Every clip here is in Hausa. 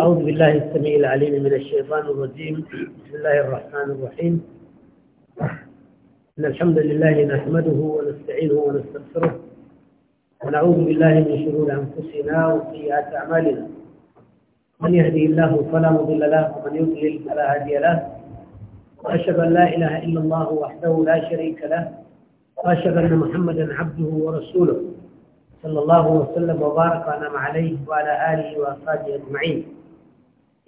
أعوذ بالله السميع العليم من الشيطان الرجيم بسم الله الرحمن الرحيم إن الحمد لله نحمده ونستعينه ونستغفره ونعوذ بالله من شرور أنفسنا وسيئات أعمالنا من يهدي الله فلا مضل له ومن يضلل فلا هادي له وأشهد أن لا إله إلا الله وحده لا شريك له وأشهد أن محمدا عبده ورسوله صلى الله وسلم وبارك ونعم عليه وعلى آله وأصحابه أجمعين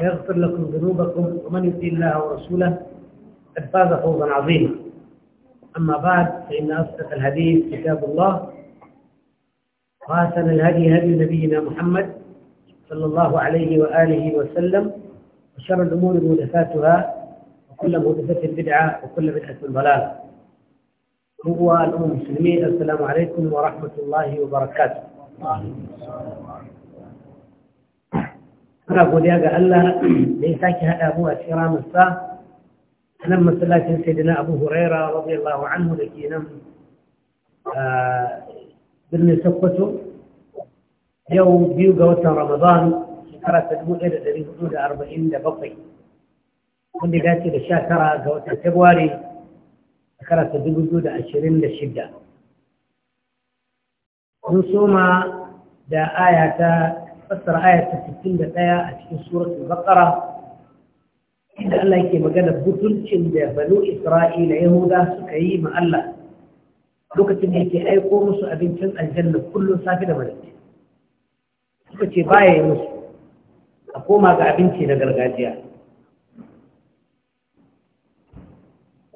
ويغفر لكم ذنوبكم ومن يطيع الله ورسوله قد فاز فوزا عظيما أما بعد فإن أصدق الحديث كتاب الله وأحسن الهدي هدي نبينا محمد صلى الله عليه وآله وسلم وشر الأمور محدثاتها وكل محدثة بدعة وكل بدعة ضلالة هو الأمم المسلمين السلام عليكم ورحمة الله وبركاته muna godiya ga Allah da ya sake haɗa mu a cikin sa a nan masallacin sai sayyidina abu huraira radiyallahu anhu da ke nan birnin sokoto yau biyu ga watan ramadan shekara ta dubu ɗaya da ɗari hudu da arba'in da bakwai wanda ya dace da sha tara ga watan februari shekara ta dubu biyu da ashirin da shida mun soma da aya ta fassara ayata ɗaya a cikin suratul baqara inda Allah yake magana butuncin da banu Isra'ila Yahuda suka yi ma Allah lokacin da yake aiko musu abincin aljanna kullum safi da maraice suka ce baya yi musu a koma ga abinci na gargajiya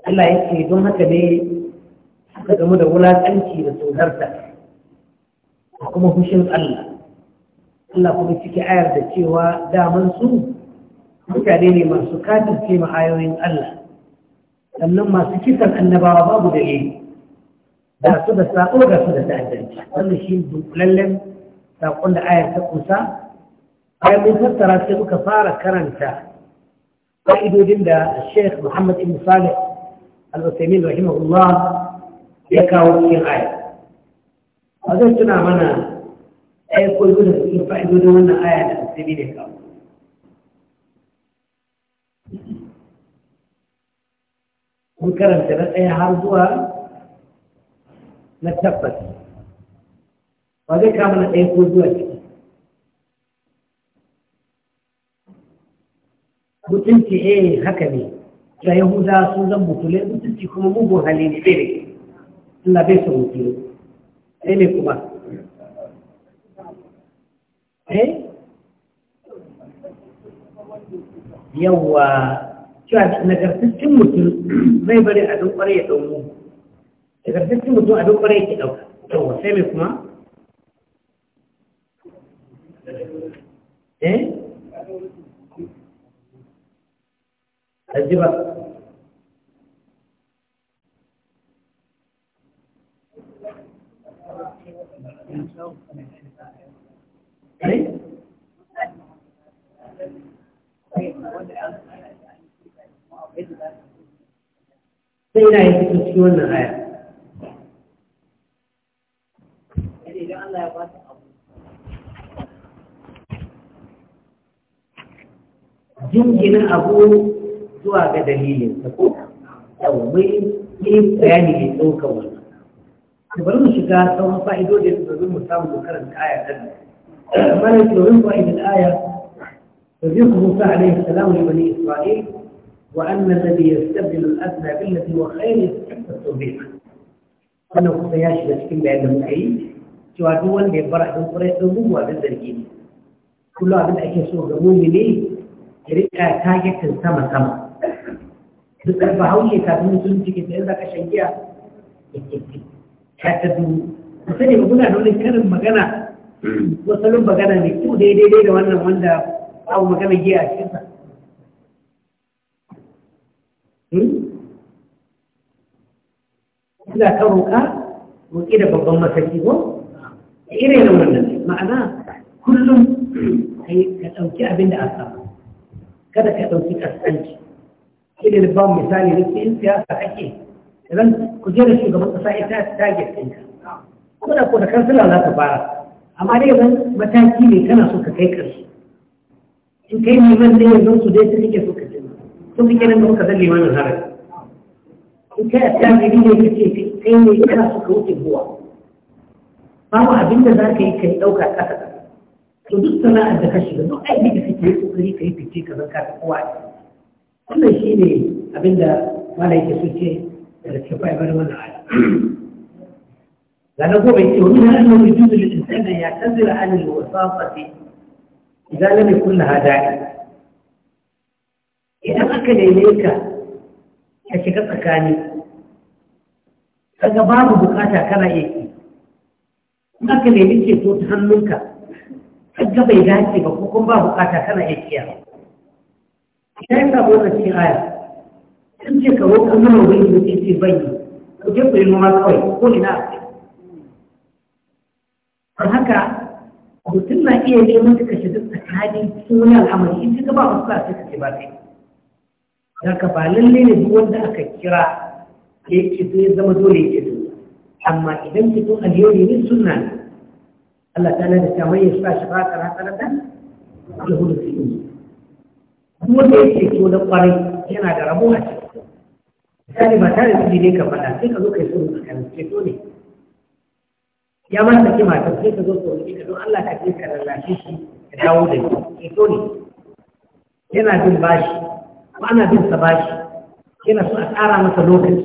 Allah yake don haka ne suka gamu da wulaƙanci da tsodarta da kuma fushin Allah Allah kuma ciki ayar da cewa daman su mutane ne masu katin ma ayoyin Allah sannan masu kisan annabawa babu da yayi da su da sako da su da ta'addanci wannan shi dunkulallen sakon da ayar ta kusa bayan mun tattara sai muka fara karanta ƙa'idodin da Sheikh Muhammad Ibn Salih Al-Utsaimin rahimahullah ya kawo cikin ayar. A zai tuna mana ɗaya koyo da cikin fa'idodin wannan aya da asibi da kawo kun karanta na ɗaya har zuwa na tabbas ba zai kama na ɗaya ko zuwa ciki mutunci eh haka ne da yahuda sun zan mutule mutunci kuma mugun hali ne bai da ke Allah bai sa mutule sai ne kuma eh yawa cewa nagartaccen mutum zai bari a don ya ɗauko nagartaccen mutum a don kwarai ke ɗauka sai mai kuma eh ajiba Eh? sai yana yin cikin cikin wannan haya jingina abu zuwa ga dalilin ta ko yawon mai yin bayani mai ɗaukar wannan bari mu shiga sauran fa'idodin da zai mu samu karanta ayar da ملك ينظر إلى الآية موسى عليه السلام لبني إسرائيل وأن الذي يستبدل الأدنى بالذي هو خير يستحق التوفيق. أنه سيشهد كل عندهم عيد سوى دول يبرع دول دموع بالدرجين. كلها من أجل سوى دموع مني يريد أعتاج تنسمى سمى. بس البحوية تابعون سنتي كتير ذاك الشيء حتى دول. بس أنا بقول أنه كان مجنح wasalin magana ne kyau daidai da wannan wanda abu magana ke a cikinsa hmm? Ina ka roƙa roƙi da babban masaki ko? Irin wannan ma'ana kullum ka ɗauki abin da a samu kada ka ɗauki ƙasƙanci idan ba misali na in siyasa ake idan ku je da shugaban ƙasa ita ta target ka ko da ko da kansila za ta fara amma dai zan mataki ne kana so ka kai ƙarshe in kai neman dai yanzu su dai su suke so ka ce su suke nan da muka san limanin harin in kai a tarihi ne ka ce kai ne kana so ka wuce buwa mu abin da za ka yi ka yi ɗauka ƙasa to duk sana'ar da ka shiga duk aiki da kake yi kokari ka yi fice ka zanka ta kowa wannan shi ne abin da malai ke so ce da ke fa'ibar wannan ala لأنه يقول ومنها أنه Idan aka shiga tsakani. kaga babu bukata kana yake in aka nemi ta hannunka kaga bai dace ba ko kuma ba bukata kana yake Ina idan ka zo da cikin aya sun ce ka roƙa mana wani mutum ce bai ko je ku noma kawai ko ina a don haka mutum na iya neman suka shiga tsakanin suna al'amari in ka ba masu sai ka ce ba kai da ka ba lalle ne duk wanda aka kira ya ke to ya zama dole ya ke amma idan ki zo alheri ne suna ne Allah ta lalata ta mai yasa shi ba kana rasa da alhuru su. in kuma da yake to da kwarai yana da rabo a cikin misali ba tare da ne ka faɗa sai ka zo kai sulhu tsakanin ce ne ya ma saki matar sai ka zo ka wuce ka zo Allah ka je ka lallashe shi ka dawo da shi ke eh, ne yana bin bashi ko ana bin sa bashi yana so a tsara masa lokaci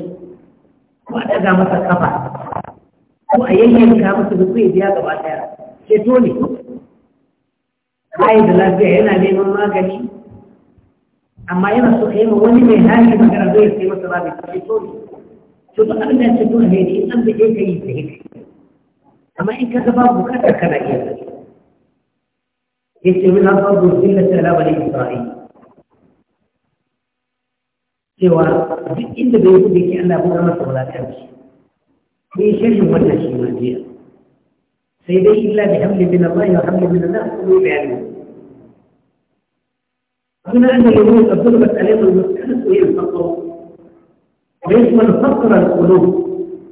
ko a daga masa kafa ko a yayyanka masa da ya biya gaba daya ceto eh, ne bayan da lafiya yana neman magani amma yana so ka yi ma wani mai hali magana zai sai masa babu ceto eh, ne ceto abin da ceto ne in an bije ka yi ta hikari أما إن كذا بابه كذا كما إيه يسي منها الأرض على بني إسرائيل سوى إن بيت بك أن أبو رمس ولا تمشي في شيء ولا شيء ما فيها سيدي إلا بحمل من الله وحمل من الناس كله بعلمه هنا أن اليهود ضربت عليهم المسكنة وهي الفقر ويشمل فقر القلوب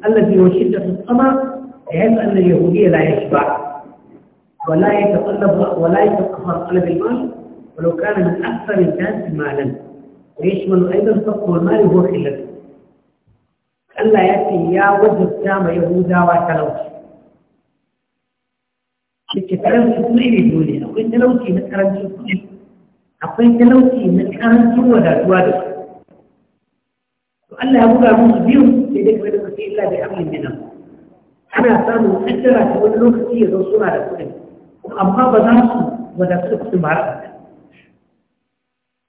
الذي هو شدة الطمع أهم أن اليهودية لا يشبع ولا يتطلب ولا يتقهر طلب المال ولو كان من أكثر الناس مالا ويشمل أيضا صفه المال هو خلته ألا يأتي يا وجه السامة يهودا وتلوش كنت تلوش كل الدنيا وكنت تلوش مثلا كل أقول تلوش مثلا جوالا جوالا وأن لا يبقى مصبير يدك ويدك إلا بأمر منه ana samun tattara ta wani lokaci ya zo suna da kuɗin amma ba za su ba da kuɗin ba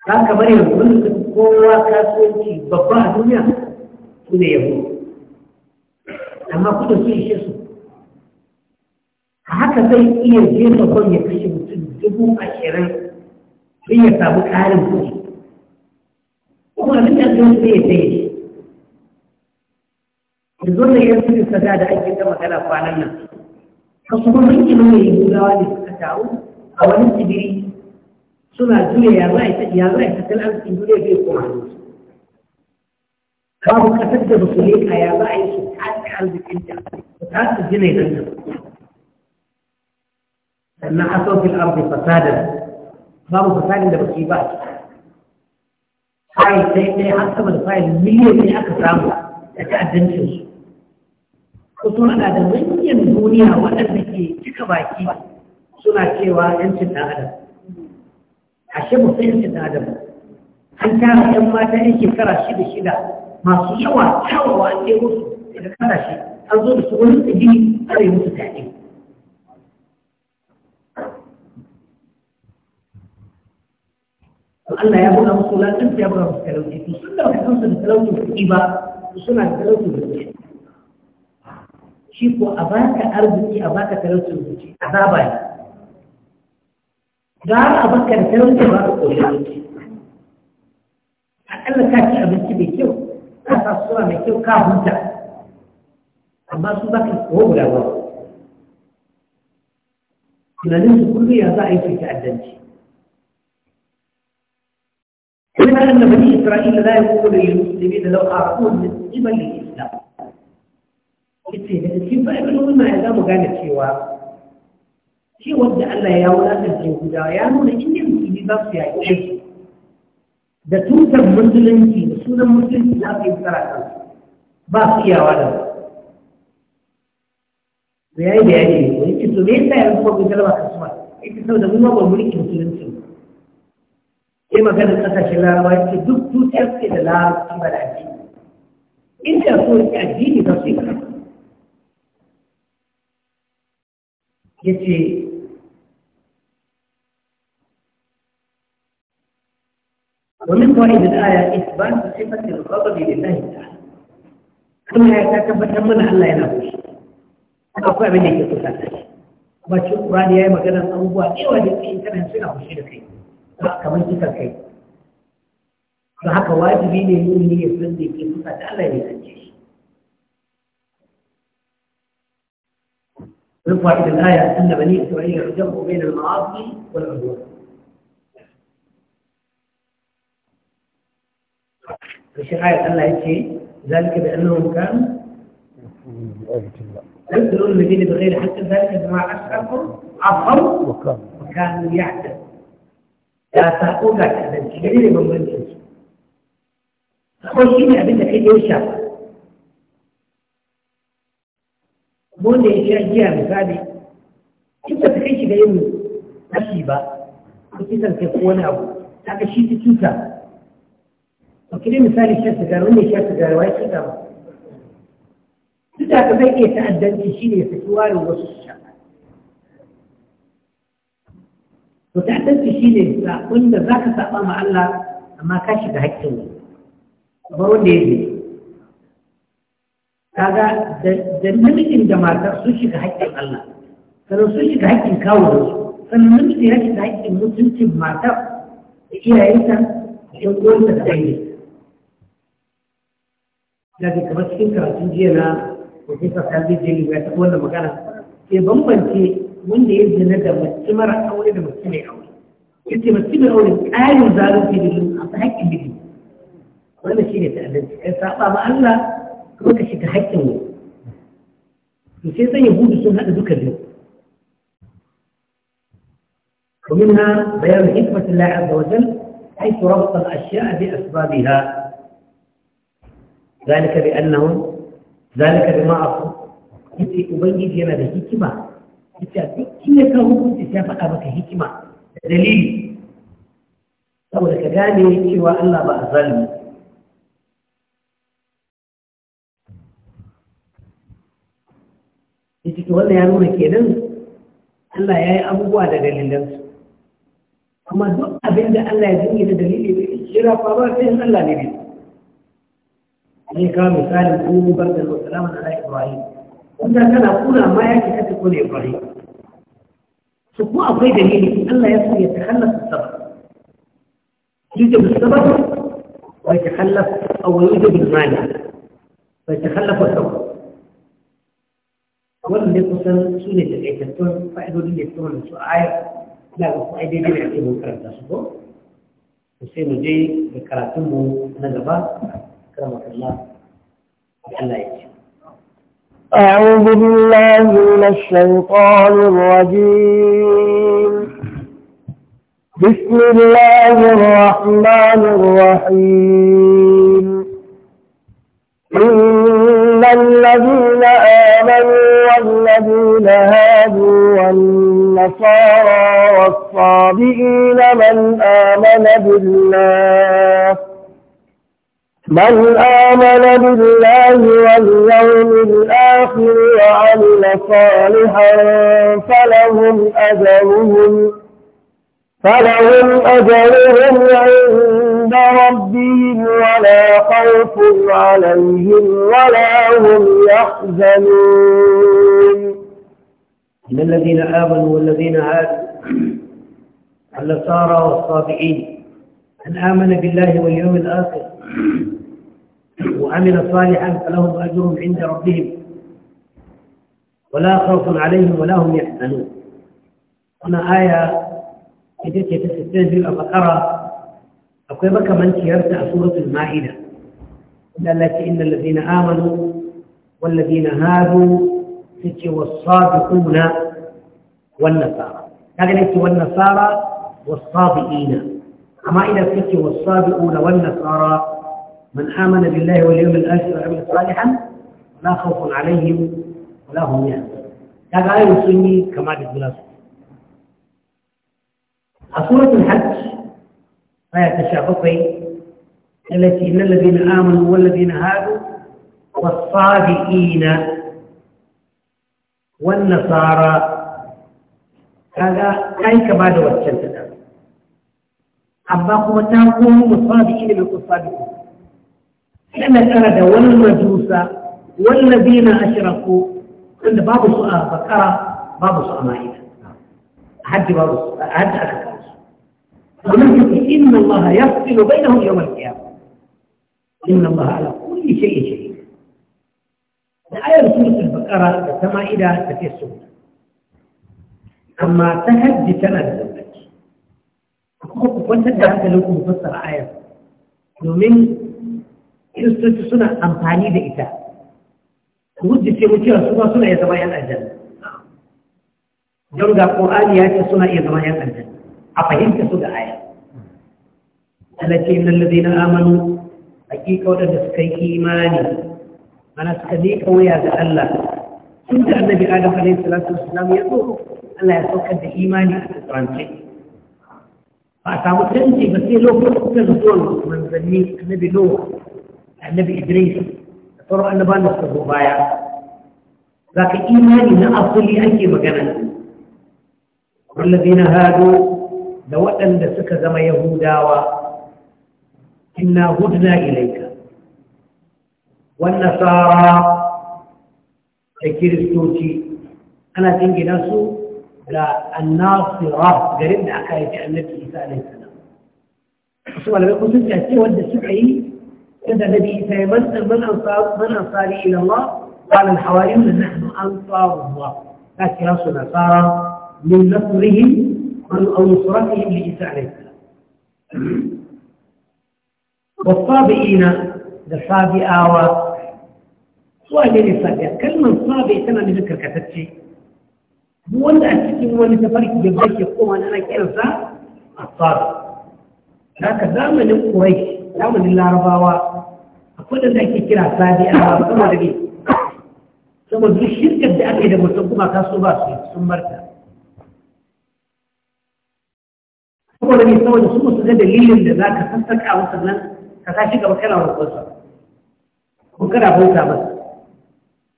har za kamar yanzu wani su kowa kasuwanci babba a duniya su ne yabo amma kuɗin su ishe su a haka zai iya jefa kwan ya kashe mutum dubu ashirin sun ya samu ƙarin kuɗi kuma abin da zai ya tsaye yanzu ne yan sirri sada da ake ta magana kwanan nan kasuwannin ilimin yahudawa ne suka taru a wani tsibiri suna juya ya za a ya za a tattalin arzikin duniya bai koma ne babu kasar da basu leka ya za a yi su tace arzikin ta su tace jina idan da sannan a saukin arzikin fasadar babu fasadin da basu yi ba fayil sai ɗaya har sama da fayil miliyan ne aka samu da ta'addancin su kuma ana da manyan duniya waɗanda ke cika baki suna cewa yancin ɗan adam ashe mu sai yancin ɗan adam an tara 'yan mata ƴan shekara shida shida masu yawa kyawawa an ɗaya musu daga ƙasashe an zo da su wani tsibiri a yi musu daɗi Allah ya buga musu lantarki ya buga musu talauci to sun da kansu da talauci kuɗi ba suna da talauci da kuɗi shi ko a baka arziki a baka rubuci a zaba ne gara a baka da talauci ba ka koyi zuci akalla ka ci abinci mai kyau ka sa sura mai kyau ka huta amma su ka kowa guda ba tunanin su kullum ya za a yi su ta'addanci إنما أن بني إسرائيل لا يقول للمسلمين لو أعطوه من قبل ولكن يقول لك ان تكون مسلما تكون مسلما تكون مسلما تكون مسلما تكون مسلما تكون مسلما yace wani kwanin da su ba aya isbat da sifatin rabbi da lahi kuma ya ta tabbatar mana Allah yana kushi akwai abin da ke kusa da shi kuma cikin Qur'an yayi magana abubuwa cewa da cikin kanan suna kushi da kai ba kamar kika kai ba haka wajibi ne yi ne ya san da ke kusa da Allah ne kan shi رفع إلى الآية أن بني إسرائيل جمعوا بين المعاصي والعدوان الشيخ آية الله شيء ذلك بأنهم كانوا يقتلون الذين بغير حتى ذلك بما أشركوا عفوا وكانوا يعتدون لا يا لك هذا الشيء من منزل أقول شيء أبدا في يوشع wanda ya sha giya misali in ba ta kai shi ga yin kashi ba ko kisan kai ko wani abu haka shi ta cuta a kiri misali sha sigara wanda ya sha sigari wa ya cuta ba duk da zai iya ta'addanci shi ne ya saki warin wasu su sha to ta'addanci shi ne zaɓin za ka saɓa ma Allah amma ka shiga haƙƙin wani kamar wanda ya yi kaga da namijin da matar sun shiga haƙƙin Allah sannan sun shiga haƙƙin kawo da sannan namijin ya shiga haƙƙin mutuncin matar da ta da ƴan uwanta da dangi da ke kamar cikin karatun jiya na Profesa Sandi Jeli ya taɓa wannan magana ke bambance wanda ya zina da mace mara aure da mace mai aure ya ce mace mai aure ƙarin zalunci da yin haƙƙin biki wannan shi ne ta'addanci Ya saɓa ma Allah kuma ka shiga haƙƙin wani to sai san yahudu sun haɗa duka biyu ومنها بيان حكمة الله عز وجل حيث bi الأشياء بأسبابها ذلك بأنهم ذلك بما عصوا yace ubangiji yana da hikima yace duk in ya kawo hukunci ya faɗa maka hikima da dalili saboda ka gane cewa Allah ba a zalimi yace to wannan ya nuna kenan Allah ya yi abubuwa da dalilan su amma duk abin da Allah ya dinga da dalili ne jira fa ba sai Allah ne ne ne ka misalin ko barkan wa salamu ala ibrahim wanda kana kula ma ya kika ta kula ibrahim su ko akwai dalili Allah ya so ya takhallasa sabab يوجب السبب ويتخلف أو يوجب المانع ويتخلف السبب wannan ne kusan su ne da ɗaitattun fa'idodin da suka wannan su a aya da ga kuma daidai da ake mun karanta su ko to sai mu je da karatun mu na gaba karama Allah Allah ya ce أعوذ بالله من الشيطان الرجيم بسم الله الرحمن الرحيم إن الذين آمنوا والذين هادوا والنصارى والصابئين من آمن بالله من آمن بالله واليوم الآخر وعمل صالحا فلهم أجرهم فلهم أجرهم عند عند ربهم ولا خوف عليهم ولا هم يحزنون إن الذين آمنوا والذين هادوا النصارى والصابعين من آمن بالله واليوم الآخر وعمل صالحا فلهم أجر عند ربهم ولا خوف عليهم ولا هم يحزنون هنا آية تلك تستهزئ البقرة akwai makamanciyarta a suratul ma'ida inda Allah ce innal ladina amanu wal ladina hadu tace was-sabiquna wan nasara kaga ne ce wan nasara was-sabiqina amma idan kace was-sabiquna wan nasara man amana billahi wal yawmil akhir wa amila salihan la khawfun alaihim wa la hum yahzanun kaga ayoyin sun yi kama da juna a suratul hajj آية تشابقي التي إن الذين آمنوا والذين هادوا والصادقين والنصارى هذا أي كبار والشمس أما هو تاكم الصادقين من الصادقين لأن ترد والمجوس والذين أشركوا أن باب سؤال بكرة باب سؤال هي حد باب حد ومن يقل إن الله يفصل بينهم يوم القيامة إن الله على كل شيء شهيد الآية سورة البقرة كما إذا تفسر أما تهدي تنا زوجك وانت هذا لو مفسر آية domin kiristoci suna amfani da ita wujji ce mu cewa su ma suna iya zama yan aljanna don ga ƙorani ya ce suna iya zama yan aljanna a fahimta su da aya Allah ce nan da na amanu hakika waɗanda suka yi imani mana suka miƙa wuya ga Allah tun da annabi Adam alaihi salatu wasalam ya zo Allah ya saukar da imani a tsarance ba a samu canji ba sai lokacin zuwan manzanni annabi Nuh annabi Idris da sauran annabawan da suka zo baya zaka imani na asali ake magana والذين هادوا da waɗanda suka zama yahudawa inna hudna ilaika wan nasara da kiristoci ana jingina su ga annasira garin da aka yi annabi isa alaihi salam su malamai kun sun cewa wanda suka yi inda nabi isa ya manta man ansar man ansari ila Allah قال nahnu ansar allah الله kira su nasara min nasrihim أو نصرتهم لعيسى عليه السلام والصابئين للصابئة و وأهل الصابئة كلمة صابئ تم نذكر كتبتي هو اللي أتكلم هو أن تفرق ببريك يقوم أنا كيف الصابئ haka zamanin kurai zamanin larabawa akwai da ake kira sadi a sama da ne sama duk shirkar da ake da mutum kuma kasu ba su saboda ne saboda su su dalilin da za ka sassaka a nan ka sa shi gaba kana ko kana bauta ba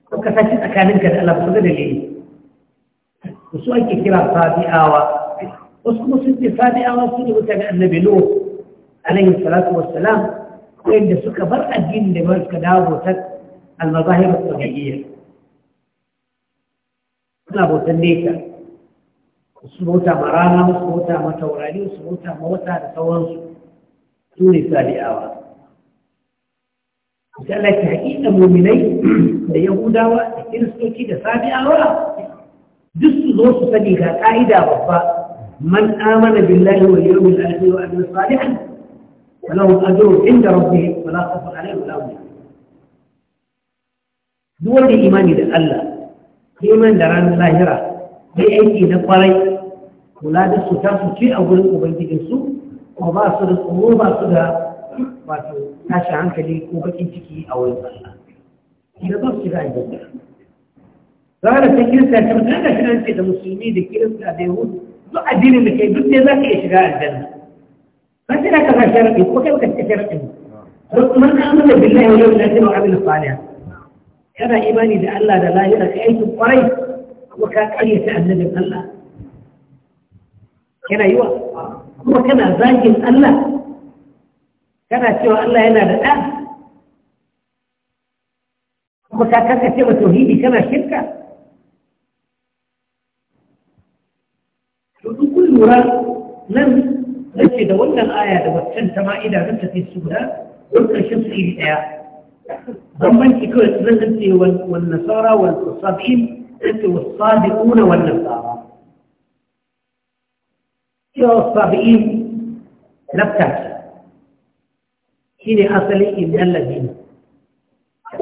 ko ka sa shi tsakaninka da Allah dalili su ake kira sabi'awa wasu kuma sun ce sabi'awa su ne mutane annabi nuhu alaihi salatu wassalam wanda suka bar addini da bar ka dawo ta almazahir al suna bautan nesa su mota ma rana su mota ma taurari su mota ma wata da sauransu su ne sadi'awa da Allah haƙiƙa muminai da yahudawa da kiristoci da sabi'awa duk su zo su sani ga ƙa'ida babba man amana billahi wal yawmil akhir wa amila salihan wa lahum ajrun inda rabbihim wa la khawfun alaihim wa la duk wanda imani da Allah imani da ranar lahira sai aiki na kwarai kula da su ta su ce a gurin ubangijinsu kuma ba su da tsoro ba su da wato tashi hankali ko bakin ciki a wurin Allah da ba su shiga aljanna zara ta kirista ta mutum da shirin ce da musulmi da kirista da yahudu duk addinin da kai duk ne za ka iya shiga aljanna kan tana ka sa sharaɗi ko kai baka cika sharaɗin man ka amana billahi wa yawmil akhir wa amil salih kana imani da Allah da lahira ka aikin kwarai kuma ka ƙaryata annabin Allah كان أيوة هو كان باجي الألة كان سوى الله هنا الآن هو كان سوى توهيدي كما شركة كل مرة لم نجد ولا الآية وكان كما إذا لم في السبلة ولك الشمس إلى الآية ضمن كل أنت والنصارى والصابين أنت والصادقون والنصارى والصابئين نبتعك إني أصلي من الذين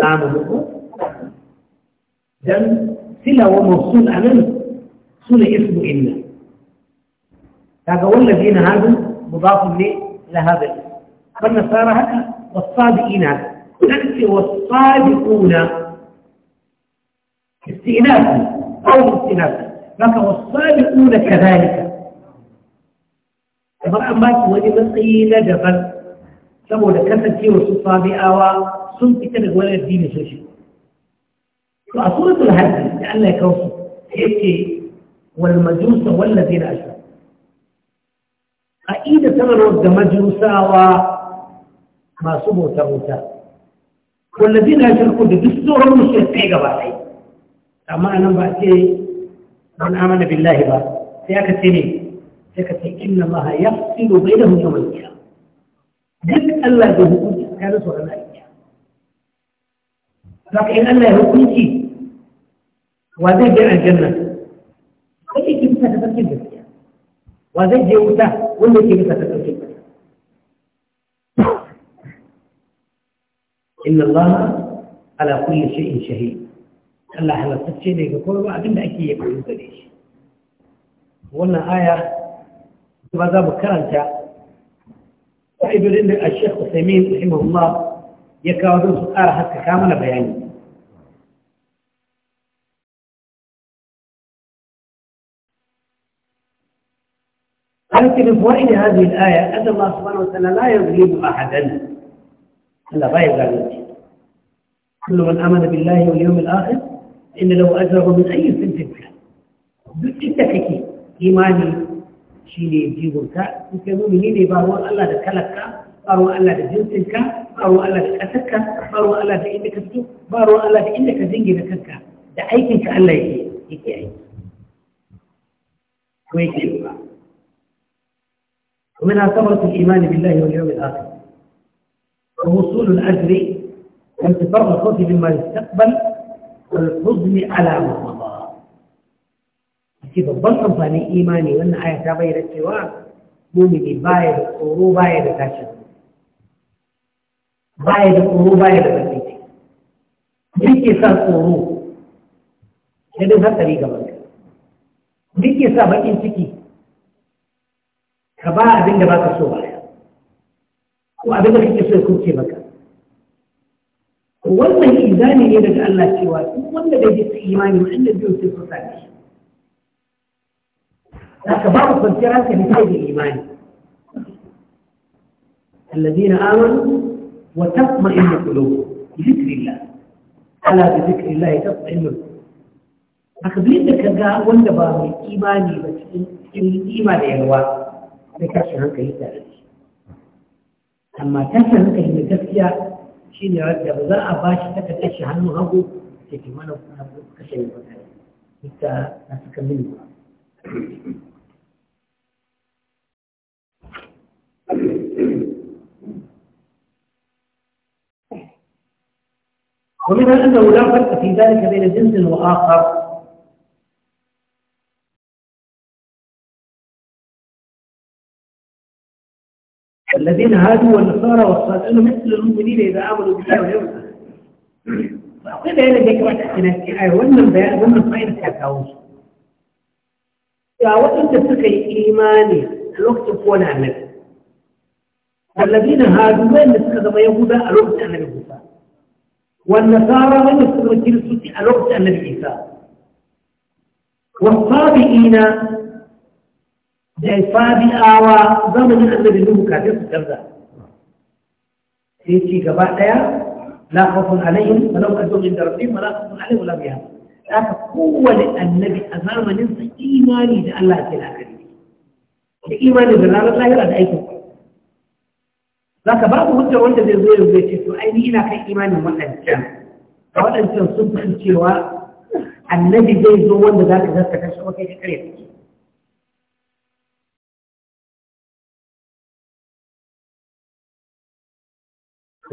آمنوا دم سلة وموصول أمن سلة اسم إلا فأقول الذين هذا مضاف لي لهذا صار هذا والصادقين هذا أنت والصادقون استئنافا أو استئنافا لكن والصادقون كذلك kamar an ba su wani matsayi na daban saboda kasancewa su sami awa sun fita daga wani addini sun shi to a suratul hajji da Allah ya kawo su yake wal majusa ashe a aqida sanarwar da majusawa masu bauta bauta zai na ashe ashraku da duk sauran mushrikai gaba ɗai amma nan ba ce man amana billahi ba sai aka ce ne sai ka ce إن الله يفصل بينهم يوم القيامة جد أن لا يهكم كان سورة مائية فقيل أن لا يهكم شيء وزجع الجنة كل شيء بس تفكر بس وزجع وتا كل شيء بس تفكر بس إن الله على كل شيء شهيد الله على كل شيء يقول وعدنا أكيد يقول ذلك ولا آية هذا بكرنجا وإذن الشيخ حسيمين رحمه الله يكاودون سؤال حتى كامل بياني قالت من فوائد هذه الآية أن الله سبحانه وتعالى لا يظلم أحدا إلا غير ذلك كل من آمن بالله واليوم الآخر إن لو أجره من أي سنة كان بالتفكير إيماني shi ne jigonka in kai mumini ne ba ruwan Allah da kalarka ba ruwan Allah da jinsinka ba ruwan Allah da ƙasarka ba ruwan Allah da inda ka fito ba ruwan Allah da inda ka jingina kanka da aikinka Allah yake yake aiki ko yake yi ba ومنها ثمرة الإيمان بالله واليوم الآخر ووصول الأجر وانتصار الخوف مما يستقبل والحزن على ما مضى ce babban amfanin imani wannan aya ta bayyana cewa mumini baya da tsoro baya da tashin baya da tsoro baya da bakici duk sa tsoro da duk hatsari ga ka. duk sa bakin ciki ka ba abin da baka so baya ko abin da kake so ya kuce maka wannan izani ne daga Allah cewa duk wanda bai yi imani wanda biyu sai su sami لكن بعض التفسير أنت الإيمان الذين آمنوا وتطمئن قلوبهم بذكر الله ألا بذكر الله تطمئن قلوبهم لكن بلين ذكر قال وانت بام الإيمان الإيمان يلوى ذكر شهر كهيدا أما تسر هنك هنا تسكيا شيني عرضي أبو ذا أباش تكت أشي هنو هنو تكي ما نفسنا بكشي مفتر حتى نتكلم Thank you. ومنها أنه لا فرق في ذلك بين جنس وآخر الذين هادوا والنصارى والصالح أنه مثل المؤمنين إذا آمنوا بالله ويوم وقيل أنا ذيك ما تحتنا في آية ومن بيان ومن صين تحتاوش يا وقت تفكي إيماني الوقت هو عمل الذين هادوا وين نسكت ما الوقت عمل الوقت والنصارى من يسمى الكرسوس على وقت النبي عيسى والصابئين جاي صابئا وزمن النبي نوح كافر كذا هيك غبا ديا لا خوف عليهم ولا هم أدوم عند ربهم ولا خوف عليهم ولا بهم لكن قوة النبي أزامن إيماني ده الله تعالى كريم الإيمان بالله لا يرد أي za ka babu hujjar wanda zai zo yanzu ya ce to aini ina kan imanin waɗancan a waɗancan sun fi cewa annabi zai zo wanda za ka zaka kashe wa kai ka kare take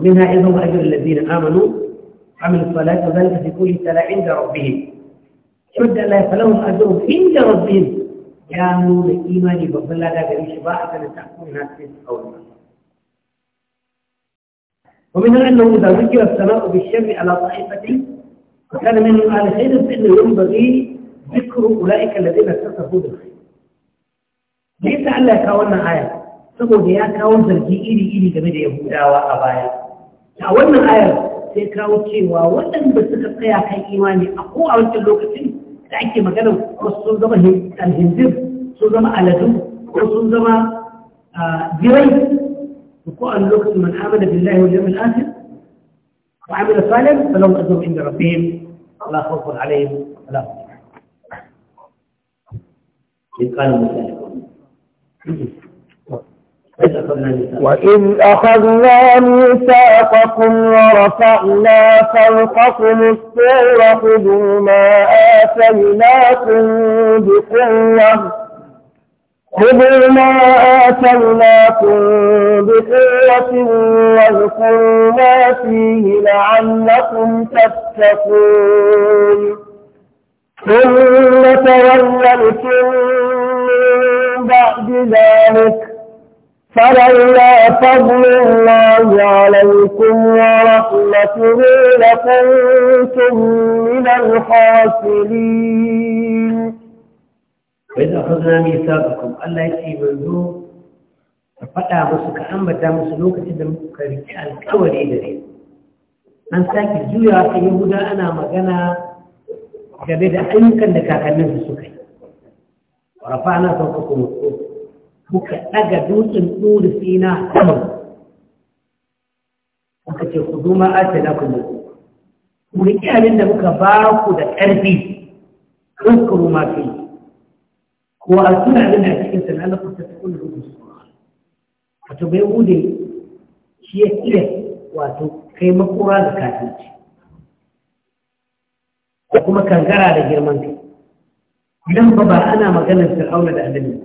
منها أيضا أجر الذين آمنوا عملوا الصلاة وذلك في كل صلاة عند ربهم شد لا فلهم أجرهم عند ربهم يا نور إيماني بفضل الله لا قريش باعة لتأكون ناس في الأول ومنها أنه إذا ذكر السماء بالشر على طائفة وكان منهم آل خير فإنه ينبغي ذكر أولئك الذين اتصفوا بالخير ليس ألا يكاونا آية saboda ya kawo zargi iri-iri game da Yahudawa a baya. A wannan ayar sai kawo cewa waɗanda suka tsaya kan imani a ko a wancan lokacin da ake magana wasu sun zama sun zama aladu ko sun zama jirai وقال لكم من آمن بالله واليوم الآخر وعمل صالحا فلهم أجر عند ربهم ولا خوف عليهم ولا هم إذ قال موسى وإذ أخذنا ميثاقكم ورفعنا فوقكم الطور خذوا ما آتيناكم بقوة خذوا ما آتيناكم بقوة واذكروا ما فيه لعلكم تتقون ثم توليتم من بعد ذلك فلولا فضل الله عليكم ورحمته لكنتم من الخاسرين bai za fa zana mai saƙaƙon Allah ya ce manzo ka faɗa musu ka ambata musu lokacin da muka riƙe alƙawari da ne an sake juya a yahuda ana magana game da ayyukan da kakanninsu suka yi rafa na sauka kuma muka ɗaga dutsen ɗuri sina sama muka ce ku zuma a ce na kuma ku riƙe abin da muka ba ku da ƙarfi kun kuma ma fi ko a suna abin da cikin sa lalata ta tsakon da hukunci wato bai hude shi ya iya wato kai makura da kafinci ko kuma kankara da girman kai idan ba ba ana maganar fir'auna da annabi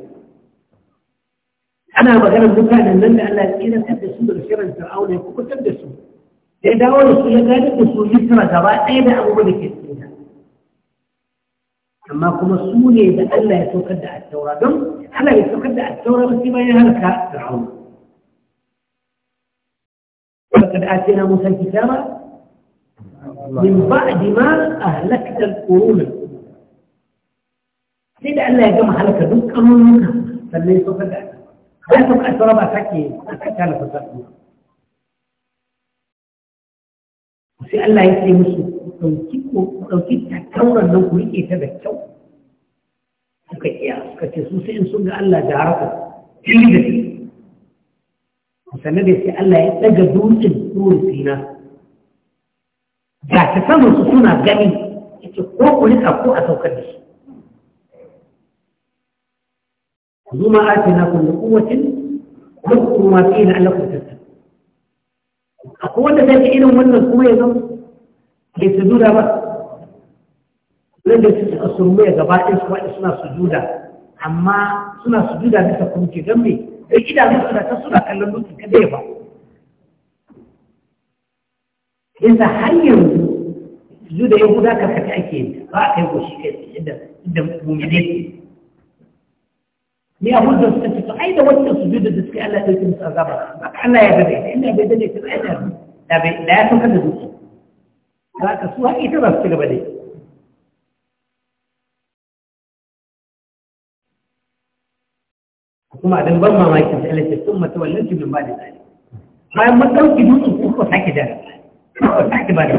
ana maganar mutanen nan da Allah ya tsira da su da shirin fir'auna ya kubutar da su sai dawo da su ya gani da su yusra gaba ɗaya da abubuwan da ke tsira أما كما سولي إذا ألا يتوكد على التورا دم ألا يتوكد على التورا بسيما يهلك العون فقد آتنا موسى الكتابة من بعد ما أهلكت القرون سيد ألا يتوكد على التورا دم كانوا منها فلن يتوكد على التورا هل يتوكد على التورا بأساكي أساكي على التورا sai Allah ya ce musu ɗauki ko ɗauki tattauran nan ku rike ta da kyau suka iya suka ce su sai in sun ga Allah da harafa fili da su. sannan da sai Allah ya ɗaga dutsen tsohon sina ga ta samun su suna gani ya ce ko ku rika ko a saukar da shi zuma a ce na kuma kowacin ko kuma fi na Allah ku tattara akwai wanda zai irin wannan kuma ya zama bai sujuda ba zai da su a surmu ya gaba ɗin su waɗi suna sujuda amma suna sujuda bisa kumce don me da idanun suna ta suna kallon mutum kada ya ba yanzu har yanzu sujuda guda karkata ake yi ba a kai goshi kai inda mummune ya hujjar suka ce to ai da wancan sujudar da suka Allah ɗauki musu azaba ba Allah ya gaba ita inda bai dade ta ba da da bai da ya saukar da zuci za ka su har ita za su ci gaba dai kuma abin ban mamakin sai Allah ce sun mata wallan ki bin ba da tsari bayan mun ɗauki dutsen ko ko sake da ko sake ba da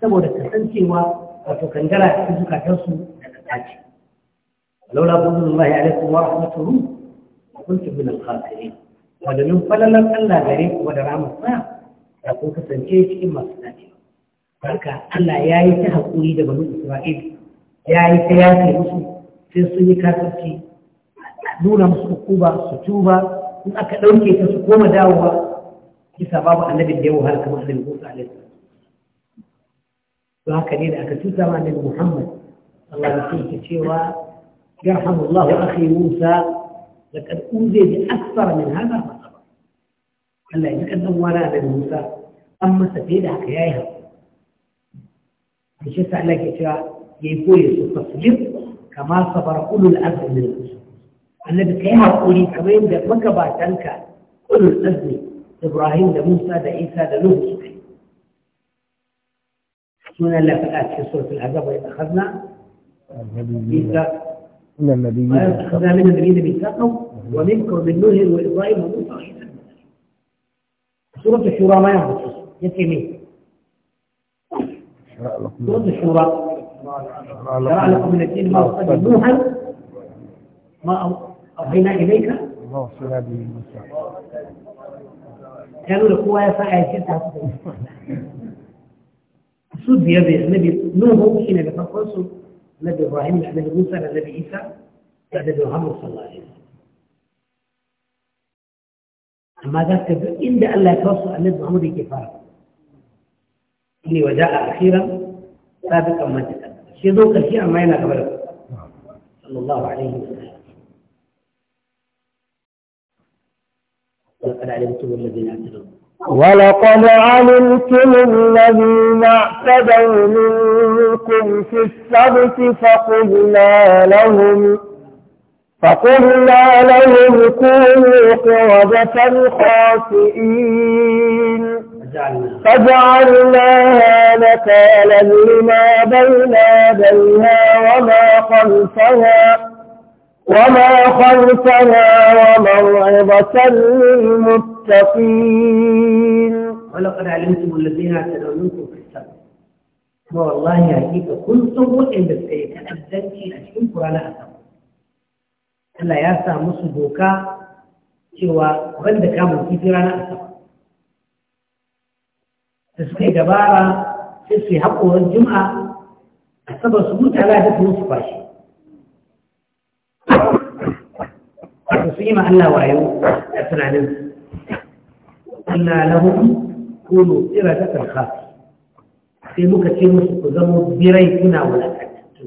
saboda kasancewa wato kangara cikin zukatansu da ta tsaci laula fadlu Allah alaikum wa rahmatuhu kuntum min al-khasirin wadannan falalan Allah gare ku da rahmatsa da kun kasance cikin masu dace barka Allah ya yi ta hakuri da banu Isra'il ya yi ta yafe musu sai sun yi kafirci nuna musu kuba su tuba in aka ɗauke ta su koma dawowa kisa babu annabin da ya wahala kamar annabi Musa alaihi salam to haka ne da aka tuta ma annabi Muhammad Allah ya ce cewa يرحم الله أخي موسى لقد أوذي بأكثر من هذا ما المطر ألا إذا كان موالاة موسى أما سفيدة حكايها مش يسأل لك إذا يقول يسوف كما صبر أولو الأذن من الرسل أنا بكيها أولي كمين ده مكبا تنكا أولو الأذن إبراهيم لموسى موسى ده إيسى ده نوه الله في سورة الأذن وإذا أخذنا من النبيين ويأخذنا من النبيين ميثاقهم ومنكم من نوح وإبراهيم وموسى وعيسى سورة الشورى ما يعرف يسمي مين سورة الشورى شرع لكم من الدين ما وصل نوحا ما أوحينا إليك ما وصلنا به موسى قالوا لك آية هو يفعل كده السود بيده النبي نوح حين يتفصل نبي إبراهيم نبي موسى نبي عيسى نبي محمد صلى الله عليه وسلم أما ذاك إن الله يتوصل النبي محمد كفارة إني وجاء أخيرا سابقا مجدا تقدم شيء ذوق الشيء ما ينا قبله صلى الله عليه وسلم ولقد علمتم الذين اعتدوا ولقد علمتم الذين اعتدوا منكم في السبت فقلنا لهم فقلنا لهم كونوا قردة خاسئين فجعلناها نكالا لما بين يديها وما خلفها وما خلفها وموعظة للمتقين المتقين ولقد علمتم الذين اعتدوا منكم في السبت والله يهديك كنتم وإن بسكيك أبدنتي أشكم قرآن أسبت Allah ya sa musu doka cewa wanda kamun kifi ranar asabar da suka yi dabara sai su yi haƙorin juma'a a saboda su mutu ala da su bashi yi Allah wayo a tunanin قلنا لهم كونوا إرادة خاصة sai muka ce musu ku zama birai kuna wulaƙantattu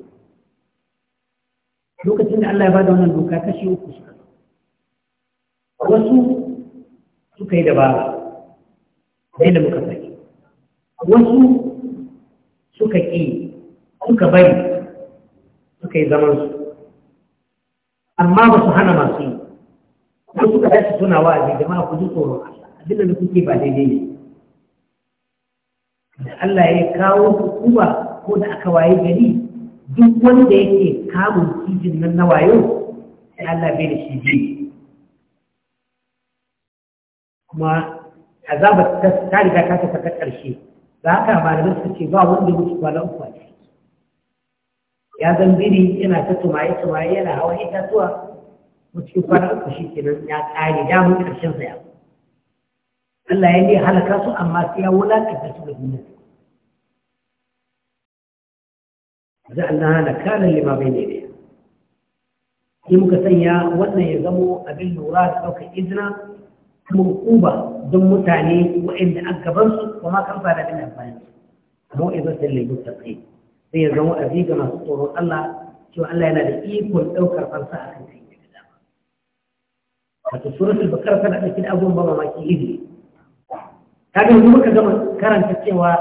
lokacin da Allah ya bada wannan doka kashi uku suka wasu suka yi dabara sai da muka faɗi wasu suka ƙi suka bari suka yi zamansu amma ba su hana masu yi wasu suka tashi suna wa'azi jama'a ku ji tsoron abin da kuke ba daidai ne da Allah ya kawo hukuma ko da aka waye gari duk wanda yake kamun kijin nan na wayo sai Allah bai da shi ji kuma azabar ta riga ta ta ta ƙarshe da ba da suka ce ba wanda ya mutu kwanan uku ya zan biri yana ta tumaye tumaye yana hawa itatuwa mutu kwana uku shi kenan ya ƙare damun ƙarshen sa ya الله يلي حلكاته أما سيأولا كفتوه النبي زعلنا هانا كان اللي ما بين إليه هي مكسيا وانا يزمو أبي النورات أو كإذنا مرقوبة دم تاني وإن أكبرس وما كان فعلا من أفعال موئذة للمتقين هي يزمو أبيك ما سطوره الله شو الله ينا لإيك والأوكر فرصة أخذين في كلامه حتى البكرة كان أبو مبابا ما كي إذنه kaga yanzu muka gama karanta cewa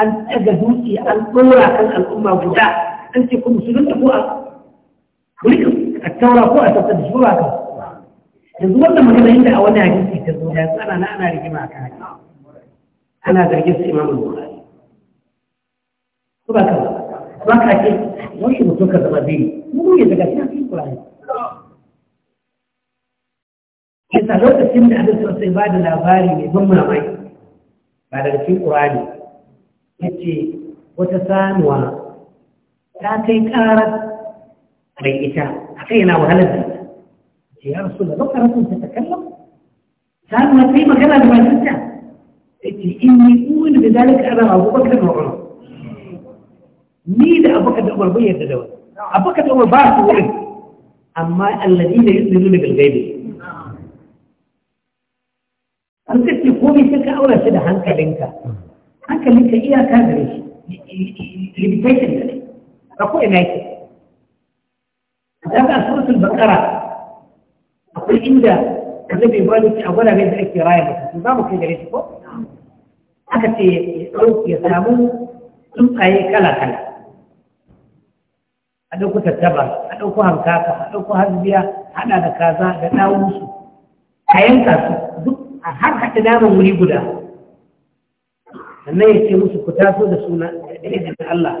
an daga dutse an ɗora kan al'umma guda an ce ku musulunta ko a rikin a taura ko a tattar shura kan yanzu wannan magana inda a wani hadisi ta zo da yanzu ana ana rigima kan haka ana zargin su imamu bukhari ko ba ka ba ka ce wani mutum ka zama biyu mu ya daga cikin kurani Kisa lokacin da Annabi sai ba da labari mai ban mamaki ba daga cikin ƙurani ya ce wata sanuwa ta kai ƙarar mai ita a kai yana wahalar da ce ya rasu da lokacin ta takallon sanuwa ta yi magana da matinta ta ce in ni ƙuni da zalika ana abubakar da ma'ura ni da abokan da umar bayyar da dawa abokan da umar ba su wurin amma allazi da yusufu ne galgaibe ko komai sai ka aura shi da hankalinka hankalinka iyaka gare shi limitation da ne a ko ina yake daga suratul baqara akwai inda annabi ibrahim ce a gwada ne da ake raya mutum za mu kai gare shi ko aka ce ya ya samu tsuntsaye kala kala a ɗauko Tattaba, a ɗauko hankaka a ɗauko hasbiya haɗa da kaza da ɗawunsu a yanka su duk a har haɗa naman wuri guda sannan ya ce musu ku taso da suna da izinin Allah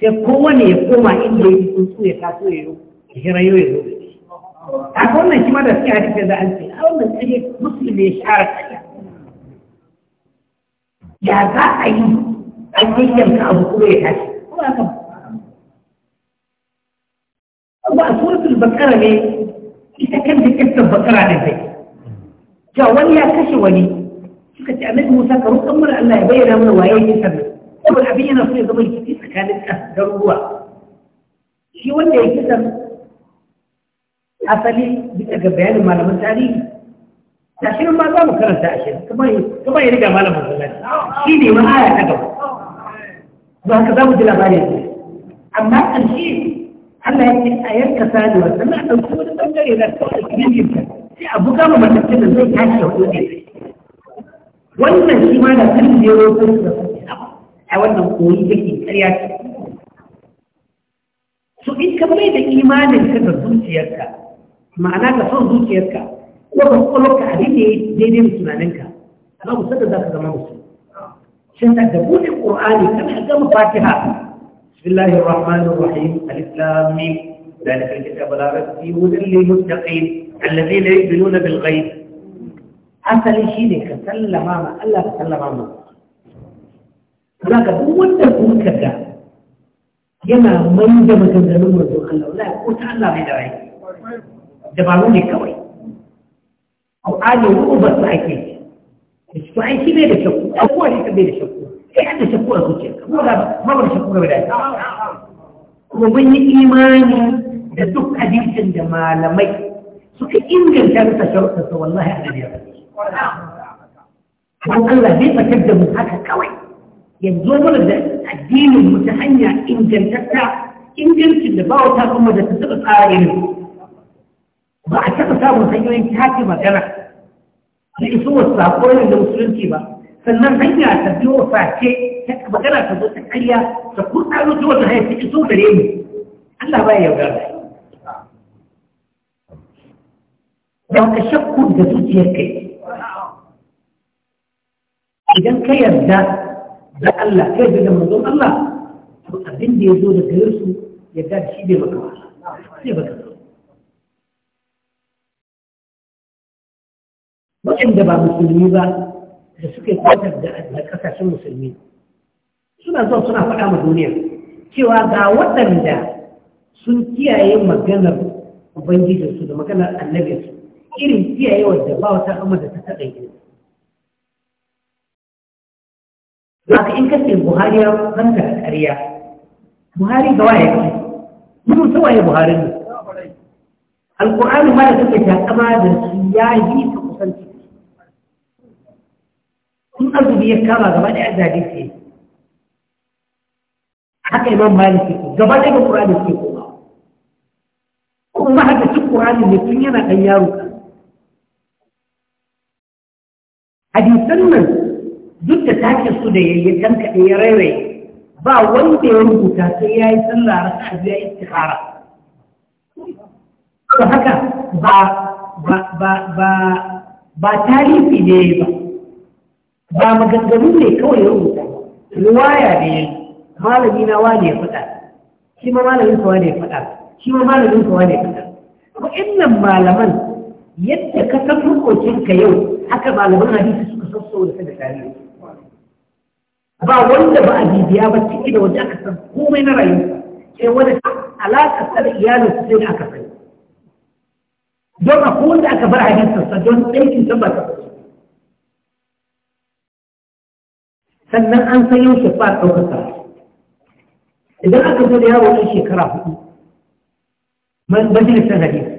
sai kowane ya koma inda ya yi tsuntsu ya taso ya yi hirayo ya zo a wannan shi ma da suke hadisi da an ce a wannan tsaye musulmi ya shara tsaya ya za a yi an yayyanka abu kuma ya tashi kuma haka ba a suratul bakara ne ita kanta kistar bakara da zai cewa wani ya kashe wani suka ce annabi Musa ka roƙon mana Allah ya bayyana mana waye yake sannan saboda abin yana so ya zama rikici tsakanin garuruwa shi wanda ya kisan asali bisa ga bayanin malaman tarihi da shi ma za mu karanta a shirin kuma ya riga malamin zallaci shi ne ma aya ta gaba ba haka za mu ji labarin ne amma ƙarshe Allah ya ce a yanka sanuwa sannan a ɗauki wani ɓangare na kawai da kinin sai a buga ma matattun da zai tashi da ne wannan shi ma da kan da yaro ko da a wannan koyi ke karya ce so in ka mai da imanin ka da zuciyarka ma'ana ka son zuciyarka ko ka ka abin da ya daidai da tunaninka amma ku sanda za ka zama musu shin da buɗe ƙur'ani kana gama fatiha bismillahir rahmanir rahim alif lam mim ذلك الكتاب لا ريب فيه هدى للمتقين الذين يؤمنون بالغيب asali shi ne ka sallama ma Allah ka sallama ma za ka duk wanda kun kaga yana mai da maganganun manzo Allah wala ko ta Allah mai da rai dabaru ne kawai ko aje ruwa ba su ake to ai shi bai da shakku a kowa shi bai da shakku sai an da shakku a zuciyarka ko da ba ba shakku bai da kuma mun yi imani da duk hadisin da malamai suka inganta da tashawarsa wallahi annabi ya don Allah zai fitar da mu haka kawai yanzu mana da addinin mu ta hanya ingantatta ingancin da ba wata kuma da ta taɓa tsarin ba a taɓa samun hanyoyin tafi magana da isowar sako ne da musulunci ba sannan hanya ta biyo face ta magana ta zo ta karya ta kurɗa zuwa ta hanyar ta iso gare mu Allah ba ya yarda don ka shakku da zuciyar kai idan ka yarda da Allah kai yarda da manzon Allah to abin da ya zo da gare su yarda da shi bai maka wasa sai baka so waɗanda ba musulmi ba da suka kwantar da ƙasashen musulmi suna zuwa suna faɗa ma duniya cewa ga waɗanda sun kiyaye maganar ubangijinsu da maganar annabinsu irin kiyayewar da ba wata amma da ta taɓa yi ka in kace buhari ya hanta a ƙarya buhari ga waye ne mun ta waye buhari ne Alƙur'ani ma da take takama da su ya yi ta kusanci in azubi ya kama gaba da azabi ce haka imam malik ce gaba da ƙur'ani ke ko kuma haka cikin qur'ani ne tun yana kan yaro hadisan nan duk da take su da yayi kankaɗe ya rairaye ba wanda ya rubuta sai ya yi sallah ya biya istikhara to haka ba ba ba ba ba tarihi ne ba ba maganganu ne kawai ya rubuta riwaya ne malami na wani ya faɗa shi ma malamin sa wani ya faɗa shi ma malamin sa wani ya faɗa wa'annan malaman yadda ka san hukuncinka yau haka malaman hadisi suka sassauta da tarihi ba wanda ba a bibiya ba ciki da wanda aka san komai na rayuwa sai wanda alaƙa ta da iyalin sai da aka sani don a wanda aka bar hadisinsa don ɗaikin san ba ta sannan an san yau shafa ɗaukaka idan aka zo da yaro ɗan shekara hudu majalisar hadisi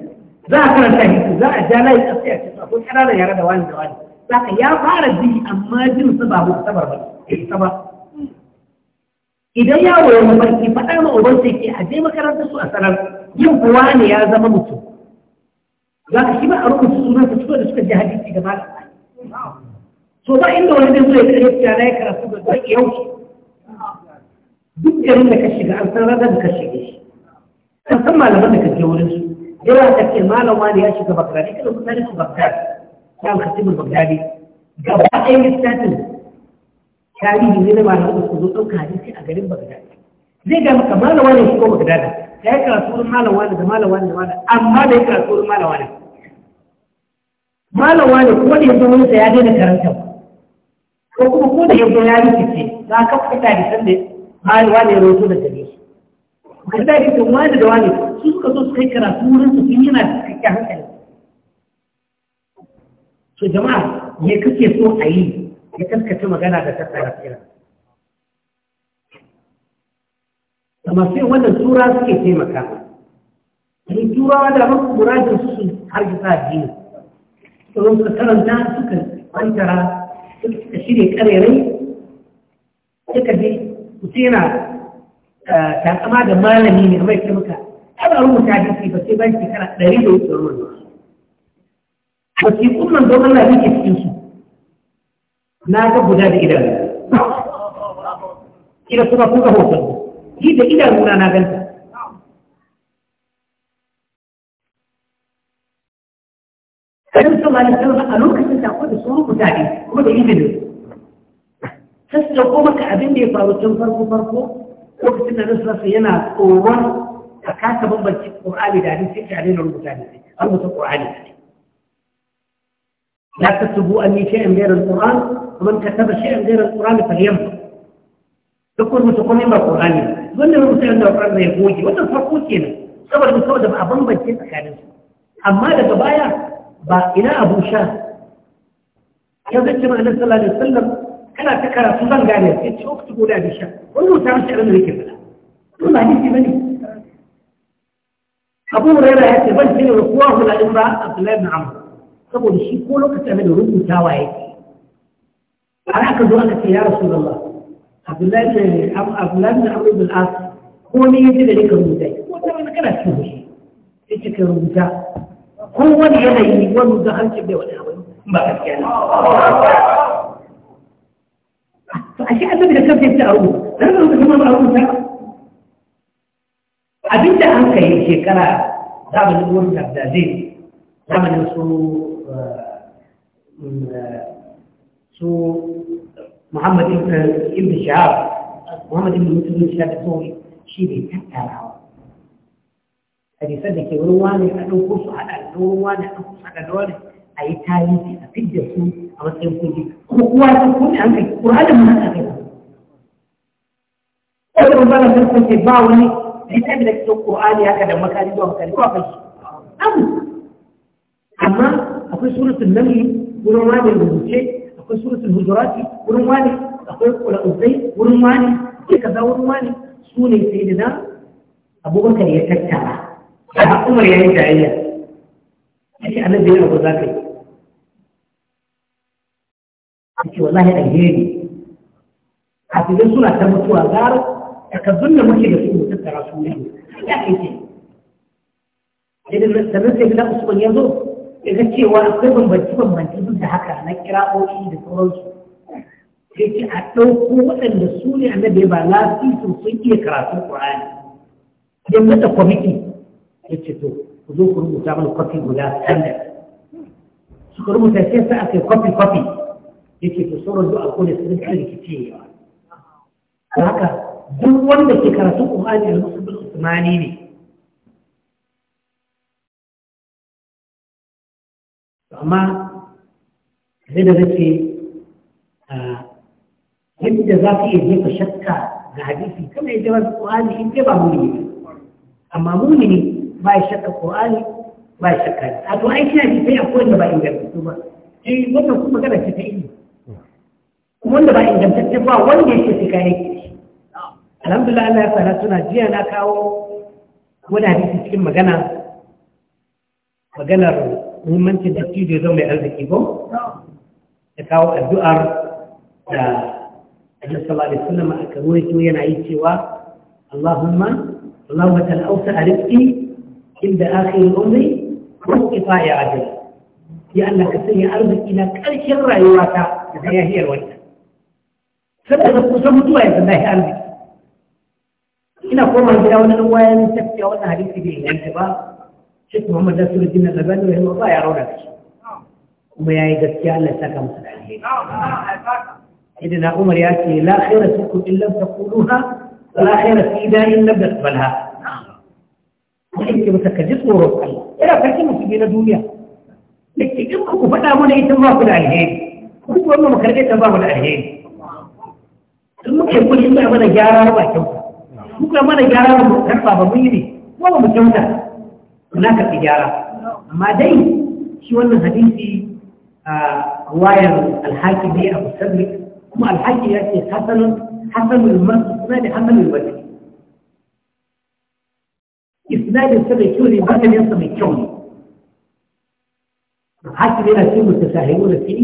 za a karanta shi za a ja layi a tsaya ce akwai ƙananan yare da wani da wani za ka ya fara ji amma jin su ba muku sabar ba ita ba idan yawo ya ki faɗa ma uban sai ke aje makaranta su a sanar yin kuwa ne ya zama mutum za ka shi ba a rubuta sunan su suka da suka ji hadisi da malam so ba inda wani zai zo ya kare ta na ya karatu da zai yau duk da ka shiga an san ranar da ka shige shi an san malaman da ka je wurin su yana da ke malam wani ya shiga bagdadi kada ku tarihin bagdadi ta alkhatibul bagdadi gaba ɗaya littafin tarihi ne na da su zo ɗauka hadisi a garin bagdadi zai ga maka malam wani shigo bagdadi ya yi karatu wurin malam wani da malam wani da malam amma da ya karatu wurin malam wani malam wani kuma da ya zo wurinsa ya daina karanta ko kuma ko da ya zo ya rikice za ka fita da sanda malam wani ya roto da gari ka da yake wani da wani su suka zo su kai karatu wurin su sun yana cikakken hankali so jama'a me kake so a yi ya kaskace magana da ta tsara tsira amma sai wannan tura suke taimaka ne turawa da mafi muradin su har gisa addini sauran suka karanta suka kwantara suka shirya karerai suka ji mutum yana takama da malami ne mai ce maka ana rubuta hadisi ba sai bayan shekara ɗari da wuce ruwan ba su yi umman don Allah ne ke cikin su na ga guda da idanu ina kuma kuka hoton shi da idanu na na ganta Kanin sama da sama a lokacin da da su rubuta ne kuma da idanu. Sassa ko maka abin da ya faru tun farko farko lokacin da nasu yana tsoron a kasa bambanci ƙur'ani da hadisi ta ne na rubuta ne an mutu ƙur'ani ne la tasbu anni shay'an ghayra al-qur'an wa man kataba shay'an ghayra al-qur'an falyamut duk wani mutum kuma ba ƙur'ani wanda rubuta yanda ƙur'ani ya goge wannan farko kenan saboda saboda ba a bambance tsakanin su amma daga baya ba ina abu sha ya zance ma annabi sallallahu alaihi wasallam kana ta karatu zan gane sai ce ku goda bi sha rubuta mashi abin da ke fada to ba hadisi bane Abu Hurairah ya ce ban ce wa kowa hula in ba Abdullahi ibn Amr saboda shi ko lokacin da rubutawa yake har aka zo aka ce ya Rasulullah Abdullahi ibn Abdullahi ibn Amr ibn As ko ne yaji da ka rubuta ko ta wani kana cikin shi yace ka rubuta ko wani yanayi wani da hancin bai wani abu ba gaskiya ne فأشياء النبي لكم في التأروه لماذا هو تسمى معروف ساعة؟ أبدا أنك يشي كلا دعم الأمور الأبدازين دعم محمد ابن الشعاب محمد ابن مسلم الشعاب الثوري شيء بيتكتع العوام هذه سنة كيف نواني أنه كرسو على الدوان أنه كرسو على الدوان أي تاليسي أبدا سوء a matsayin kuɗi kuma kowa ya kuma an kai ƙur'anin mun haka kai ko da mun bala sun ce ba wani littafi da ke ƙur'ani haka da makari zuwa makari ko akwai shi abu amma akwai suratul namli wurin wani rubuce akwai suratul hujurati wurin wani akwai ƙula'uzai wurin wani sai kaza wurin wani su ne sai da na abubakar ya tattara a umar ya yi jayayya ake annabi ya abu za ka yi ce wallahi alheri a cikin suna ta mutuwa gara takaddun zunna muke da su mu tattara su ne ya kake idan sannan sai bila usman ya zo ya ga cewa akwai bambanci bambanci duk da haka na kira kira'o'i da sauransu sai ce a ɗauko waɗanda su ne annabi ya ba lasisin sun iya karatun ƙur'ani ya mata kwamiti ya ce to ku zo ku rubuta mana kwafi guda standard suka rubuta sai sa aka yi kwafi kwafi yake to sauran duk akwai da sun kan rikice yawa da haka duk wanda ke karatun ƙuhani musu musulmin usmani ne amma zai da nace ah, yadda za ka iya jefa shakka ga hadisi kama yadda wasu ƙuhani in ke ba muni ne amma muni ne ba ya shakka ƙuhani ba ya shakka a to aiki na ce sai akwai da ba ingantattu ba eh wannan kuma magana ce ta ilimi wanda ba ingantacce ba wanda yake ce sai ka yake alhamdulillah Allah ya fara suna jiya na kawo wani hadisi cikin magana maganar muhimmancin da cijo zo mai arziki ko ya kawo addu'ar da Allah sallallahu alaihi wasallam aka ruwaito yana yi cewa Allahumma Allahumma al arziki inda akhir umri wa ya ajiyar. ya Allah ka sanya arziki na ƙarshen rayuwata da ya hiyar wannan kada da kusa mutuwa ya zama ya arziki ina koma gida wani nan wayan tafiya wannan hadisi bai yanke ba shi Muhammad Nasiru Dinna Labani wa Himma ya rauna shi kuma ya yi gaskiya Allah ya saka masa da alheri idan na Umar ya ce la khaira fikum illa taquluha wa la khaira fi da'in lam taqbalha yake masa ka ji tsoron Allah ina kace musu na duniya yake in ku faɗa mana ita ba ku da alheri ku kuma mu karɓe ta ba mu da alheri in muka yi kuɗi sai mana gyara ba kyauta muka mana gyara ba mu karɓa ba mun yi ne ko ba mu kyauta na karɓi gyara amma dai shi wannan hadisi a wayar alhaki ne a musamman kuma alhaki ya ce hasanun hasanun masu suna da hasanun wani isnadin sa mai kyau ne bayanin sa mai kyau ne alhaki ne na ce mutashahiru da fi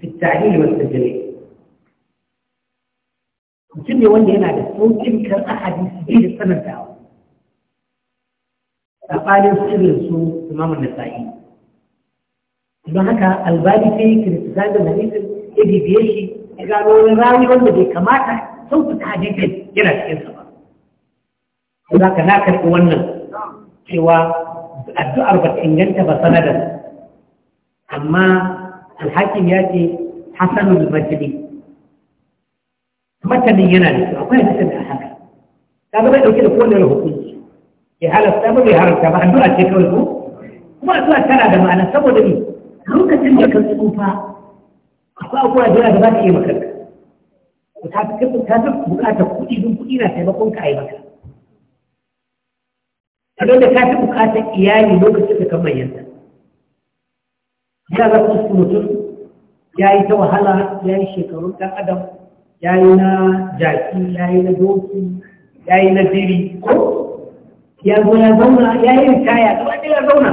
في التعليل والتجريب mutum ne wanda yana da saukin karɓar hadisi bai da sanantawa tsakanin sirrin su imamun nasa'i don haka albani sai da hadisin ya bibiye shi ya gano wani rawi wanda bai kamata sautuka hadisin yana cikinsa ba ko za ka na karɓi wannan cewa addu'ar ba inganta ba sanadar amma alhakin ya ce hasanul majlis matanin yana da kyau akwai hadisin da haka ta zama bai dauke da kowane hukunci ya halatta ba bai haramta ba addu'a ce kawai ko kuma addu'a tana da ma'ana saboda ni lokacin da ka tsufa akwai abubuwa da yawa da za ka iya makarka ta ta bukatar kuɗi don kuɗi na taimakon ka a yi maka sannan da ka fi bukata iyali lokacin da ka bayyanta ya za ku mutum ya yi ta wahala ya yi shekarun ɗan adam ya yi na jaki ya yi na doki ya yi na diri ko ya zo ya zauna ya yi ritaya gaba ɗaya ya zauna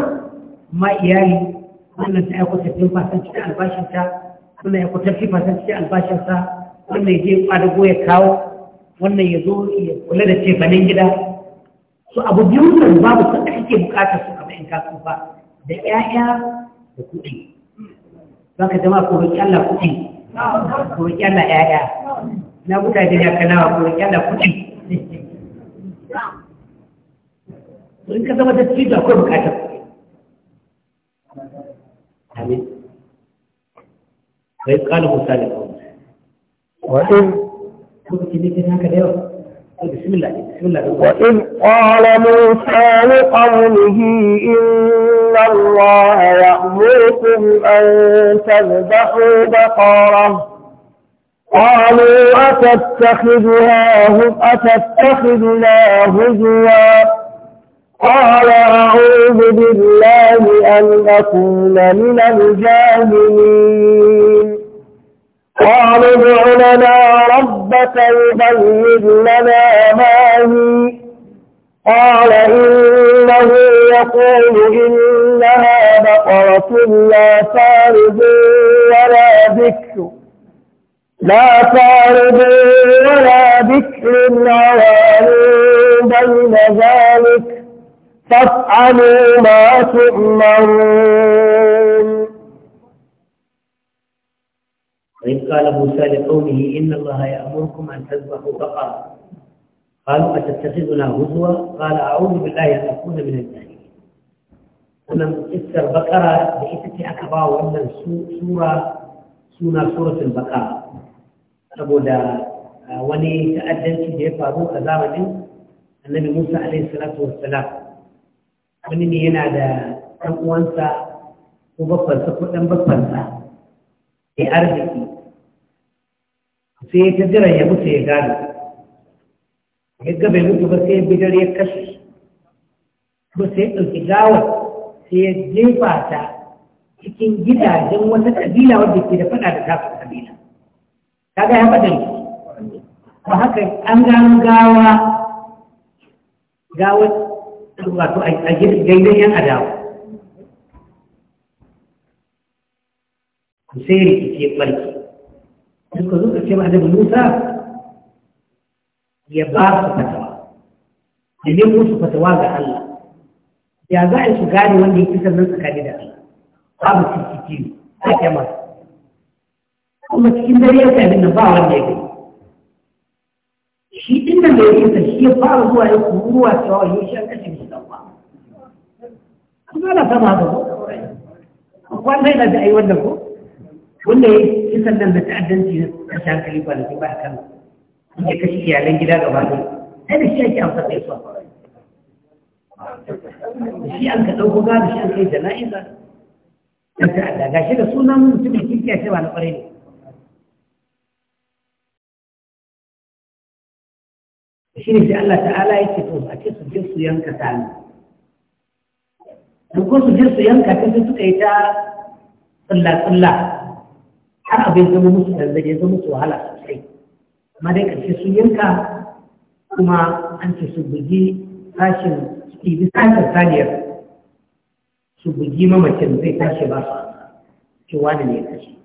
amma iyali wannan ta aiko tafiyan fasan cikin albashinta wannan ya kwatar fi fasan cikin albashinsa wannan ya je kwadago ya kawo wannan ya zo ya kula da cefanin gida su abu biyu nan babu sun ake bukatar su kamar in kasu ba da 'ya'ya da kuɗi za ka jama'a ko roƙi Allah kuɗi ko kyalla yaya na gudaje da ko kyalla kuɗi in ka zama da akwai amin kala kawai wa'in kuka ne haka da yau طيب، وإذ قال موسى لقومه إن الله يأمركم أن تذبحوا بقرة قالوا أتتخذها أتتخذنا هزوا قال أعوذ بالله أن أكون من الجاهلين قالوا ادع لنا ربك يبين لنا ما هي قال إنه يقول إنها بقرة لا فارض ولا ذكر لا فارض ولا ذكر عوان بين ذلك فافعلوا ما تؤمرون وإن قال موسى لقومه إن الله يأمركم أن تذبحوا بقرة قالوا أتتخذنا هزوا قال أعوذ بالله أن أكون من الجاهلين ولم تكسر بقرة بإثة أكبر وإن سورة سورة سورة البقرة أبو دا آه، وني تأذن في جيفا رو النبي موسى عليه الصلاة والسلام ومن هنا دا أقوانسا وبفر سكوة أن بفرسا في أرضك sai ta jiran ya mutu ya gane yadda bai mutu ba sai bidar ya kashe ba sai ɗauki gawa sai ya jefa ta cikin gidajen wata ƙabila wadda ke da faɗa da tafi kabila ta ya faɗa ne ba haka an gano gawa gawa wato a gidan yan adawa sai rikice ɓarki suka zo ce ma annabi Musa ya ba su fatawa da ne musu fatawa ga Allah ya za a su gane wanda ya kisan nan tsakani da Allah babu cikiki a kyamar kuma cikin dare ya sami nan ba wanda ya gani shi din nan da ya kisa shi ya fara zuwa ya ruwa cewa ya shi an kashe shi dan ba kuma ana sama haka ko kwan sai da ai wannan ko wanda ya yi sannan da ta'addanci na kashe hankali ba da ba a kan ya kashe iyalan gida gaba ne sai da shi ake amsa da yasuwa da shi an ka ɗauko ga da shi an kai jana'iza da ta'adda ga shi da sunan mutumin kirkiya a ba na ƙwarai ne shi ne sai Allah ta'ala ya ce to a ce su je su yanka Sani. da ko su je su yanka ta sai suka yi ta tsalla-tsalla har abin zama musu zai zama musu wahala sosai amma dai ƙarshe sun yanka kuma an ce su bugi sashin ciki ɗibi saniyar su bugi mamacin zai tashi ba su ce wani ne tashi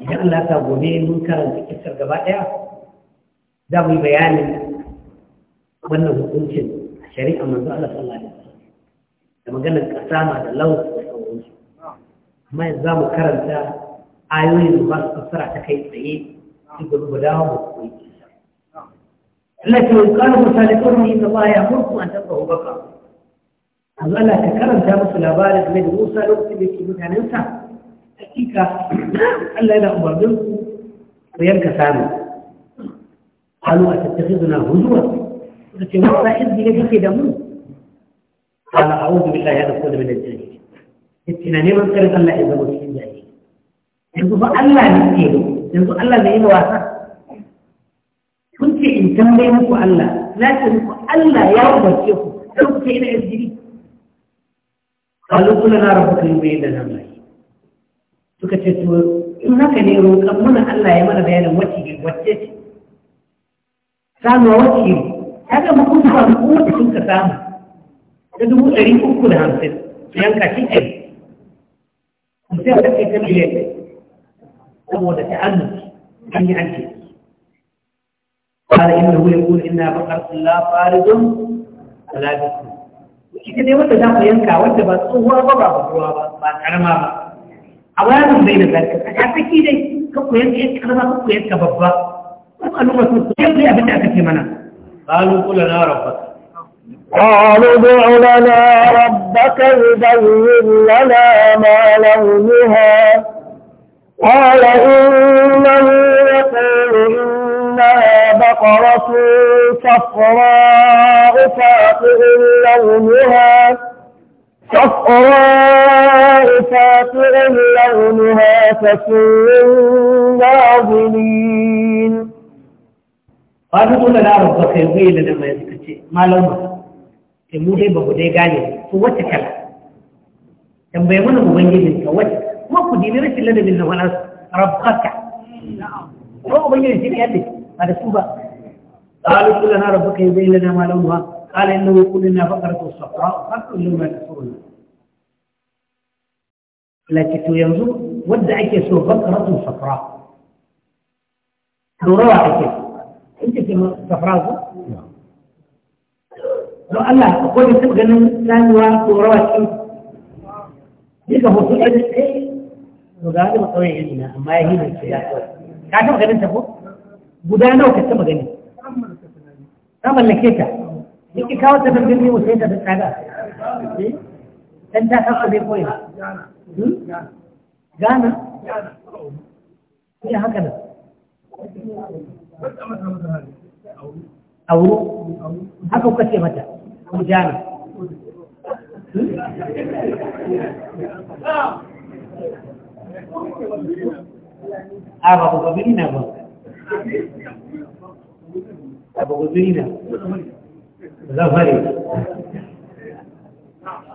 idan Allah ta gobe mun karanta kisar gaba ɗaya za mu yi bayanin wannan hukuncin a shari'a manzo Allah sallallahu alaihi wasallam da maganar kasama da lau mai za mu karanta ayoyin da ba su fassara ta kai tsaye su gobe mu dawo mu koyi Allah ke yi kanu ku salikun ne ta baya murku an tabba hubaka yanzu Allah ka karanta musu labarin da da Musa lokacin da ke mutanensa hakika Allah yana umarnin ku ku yanka samu a قالوا أتتخذنا هزوا قلت يا موسى da لك كده مو قال أعوذ بالله da أكون da jirgin ina neman tsarin Allah ya zama cikin jari yanzu fa Allah ne ke yanzu Allah zai yi wasa kun ce in tambaye muku Allah na ce muku Allah ya umarce ku sai ku ce ina yanzu قالوا كلنا ربك يبين لنا ما هي suka ce to in haka ne roƙon muna Allah ya mana bayanin wacce ne wacce ce samuwa wacce ne ta ga mutum ba mu kuma sun ka samu da dubu ɗari uku da hamsin su yanka shi ɗari sai da kai ta miliyan saboda ta'annuci an yi an ce قال إنه يقول إنا بقرة don فارض ولا بكر ita dai za ku yanka wata ba tsohuwa ba ba ruwa ba ba karama ba a bayanin bai da zarka a tsaki dai ka ku yanka yanka karama ka ku yanka babba ko al'umma su ku yanka abin da aka ce mana qalu qulana قالوا ادع لنا ربك يبين لنا ما لونها قال إنه يقول إنها بقرة صفراء فاقع لونها صفراء فاقع لونها تسر الناظرين قالوا ادع لنا ربك يبين لنا ما لونها da mu dai ba ku dai gane to wacce kala tambaye mana ubangijin ka wacce kuma ku dini rashin ladabin da wani rabbaka kuma ubangijin shi ne yadda ba da su ba قالوا كل لنا ربك يبين لنا ما لونها قال انه يقول لنا بقره صفراء فقط لما تسرنا لكن تو ينظر ودع كيسو بقره صفراء دوروا على كيسو انت كما صفراء don Allah akwai da taɓa ganin sanuwa ko rawa ce ne ga hoto ɗan ɗaya to ga wani matsawai iri na amma ya hina ce ya kawai ka taɓa ganin ta ko guda nawa ka taɓa gani ta mallake ta yake kawo ta dangin ne wasai ta da tsada eh? dan ta kafa zai koyi hmm? gana ya haka nan auro haka kuka ce mata وجامع أبو غبرين أبو أبو غبرين زفري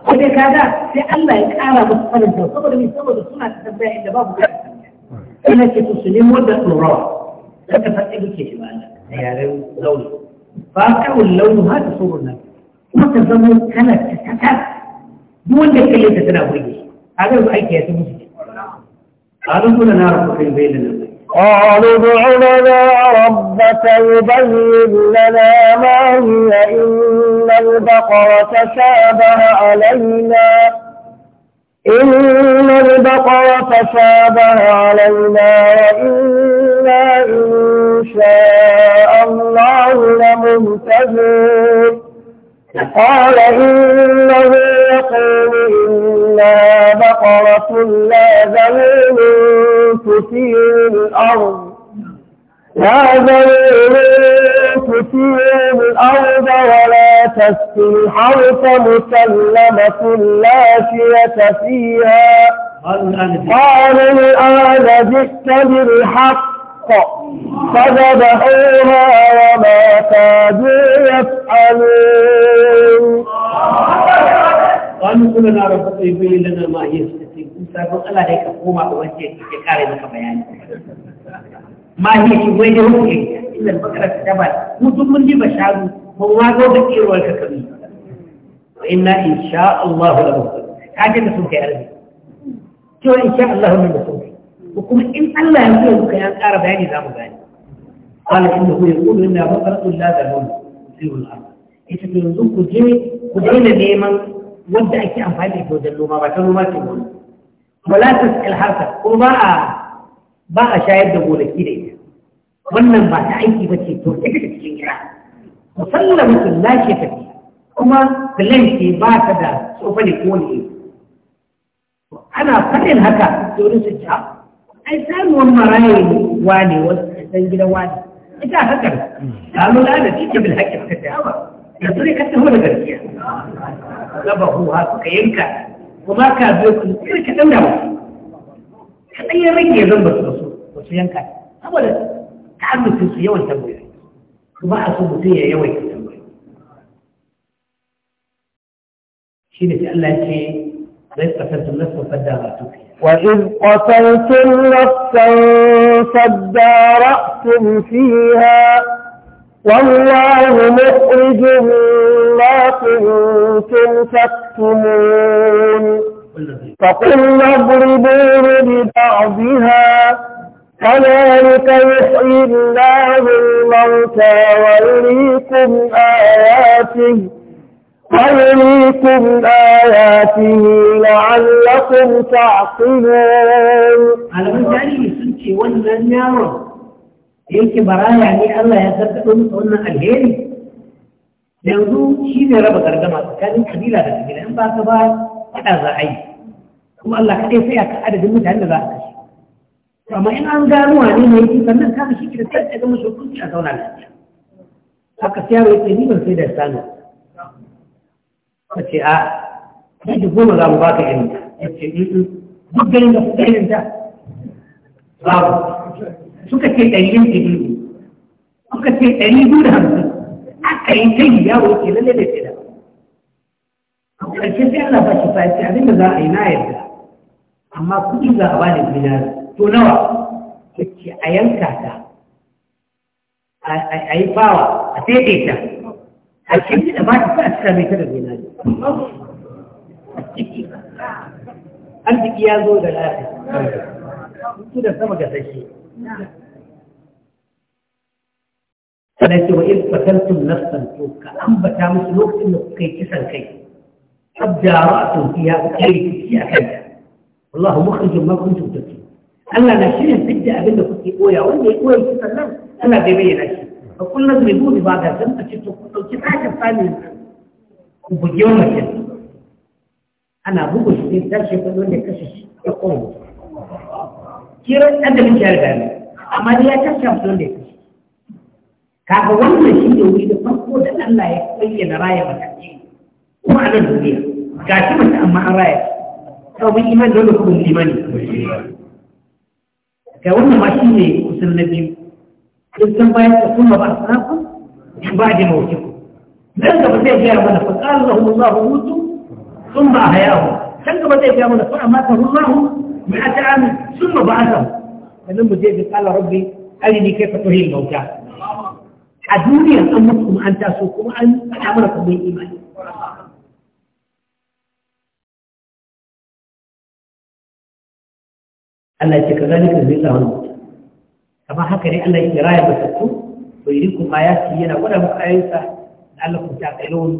وده كذا في الله يقال بالصلاة وصبر من صبر السنة تتبع إلا باب أنا كتسلم ودى الروح لك فتح بك يا جمال يا رب زولي فاكر اللون هذا صور النبي kuma ka zama kana tatakar duk wanda ya kalle ta tana burge a ga aiki ya ta قالوا في لنا قالوا ادع لنا ربك يبين لنا ما هي إن البقر تشابه علينا إن البقر تشابه علينا وإنا إن شاء الله لمهتدون قال إنه يقول إنا بقرة لا ذليل تثير الأرض لا ذليل تثير الأرض ولا تسقي الحرث مسلمة لا شية فيها قال الآن جئت بالحق الحق فذبحوها وما كادوا يفعلون قالوا كلنا رب يبين لنا ما يستطيع موسى هي يعني. من ان شاء الله حاجه ان شاء الله kuma in Allah ya zo ka ya ƙara bayani za mu gani ya qala innahu yaqulu inna baqaratun la dalun sirul ard ita ce yanzu ku je ku daina neman wanda ake amfani da ita wajen noma ba ta noma ce ba wala tasqil harka ko ba a ba a shayar da gonaki da ita wannan ba ta aiki ba ce to ita cikin gida musallamatin lashe ta ce kuma filanci ba ta da tsofa ne ko ne ana faɗin haka domin su ja ai samuwar marayin wane wasu ɗan gidan wane ita hakan ta lura da cikin bil haƙƙi suka ta yawa da su ne ka taho da gaskiya gaba huwa suka yanka kuma ka zo ku tsirka ɗan damu kaɗan ya rage zan ba su so ba su yanka saboda ta arzikin su yawan tambayoyi kuma a so mutum ya yawan tambayoyi shi ne sai Allah ya ce وإذ قتلتم نفسا فادارأتم فيها قتلتم نفسا فادارأتم فيها والله مخرج ما كنتم تكتمون فقلنا اضربوه ببعضها كذلك يحيي الله الموتى ويريكم آياته فَأَرِيكُمْ آيَاتِهِ لَعَلَّكُمْ تَعْقِلُونَ على مجاري يسنتي ونزل نارو يلك براي يعني الله يسبب ونسعونا الهيري لأنه شين يا رب قرقما كان قبيلة قبيلة أنبا كبار أنا زعي ثم الله كان يسيك أدد المجال لذلك فما إن أنقالوا عني ميتي فمن كان شكرا تلتك مشوكوش أتونا لأتك فقط يا ويتني من سيدة الثانية ka ce a da goma za mu ba ka irin ya ce mm, mm, duk ganin da kuka irin ta babu suka ce ɗari yin ɗari suka ce ɗari biyu da hamsin aka yi kai ya wuce lalle da tsira a ƙarshe sai Allah ba shi fahimci abin da za a yi na yarda amma kuɗi za a ba da dinari to nawa ya ce a yanka ta a yi fawa a sai ta a cikin بعد فأسكى من كده في نادي أنت يا زود الآخر أنت ده سمجة تشيء فليس وإذ فتلتم نفسا توكا أم بتامس نوكت نوكي كيسا كي حب جاراتم فيها وكي كيسيا كي والله مخرج ما كنتم تكي أنا نشيل بدي أبنك كي أويا وإني أويا كيسا لا أنا ببين أشياء ka kullum mai gudu ba ga dan a cikin ku dauki takin sami ku buge mace ana bugu shi ta ce kudin da kashe shi ya kowa. kiran da ya riga ne amma dai ya kashe kudin da kashe kaga wannan shi ne wuri da farko da Allah ya bayyana raya matakai kuma a nan duniya ga shi mace amma an raya ta wani iman dole kuma mun imani ga wannan ma shi ne kusan na biyu إذن بايت ثم بعثناكم من بعد موتكم لأنك بدأت في عمل فقال لهم الله موتوا ثم أحياهم لأنك بدأت يا من فأماته الله مئة عام ثم بعثهم فلما جاء قال ربي أرني كيف تهي الموتى أدوني أن أمركم أن تأسوكم أن أمركم بالإيمان الله يتكلم ce بالله zalika amma haka ne Allah yake raya matattu bai riku ma ya ci yana gwada muku ayyuka da Allah ku ta lawan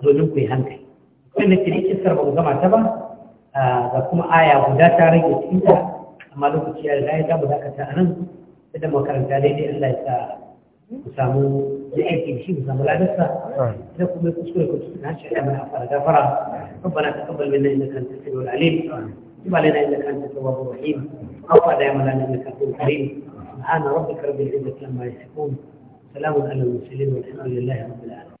domin ku yi hankali kuma ne kiri kisar ba ku gama ta ba ga kuma aya guda ta rage cikin ta amma lokaci ya riga ya ga mu dakata a nan idan makaranta daidai Allah ya sa ku samu da aiki da shi ku samu ladarsa idan kuma ya kuskure ku cikin hanci ya mana fara gafara ربنا تقبل منا انك انت السميع العليم وتب علينا انك rahim afa da عفوا دائما انك انت الكريم سبحان ربك رب العزة عما يصفون سلام على المرسلين والحمد لله رب العالمين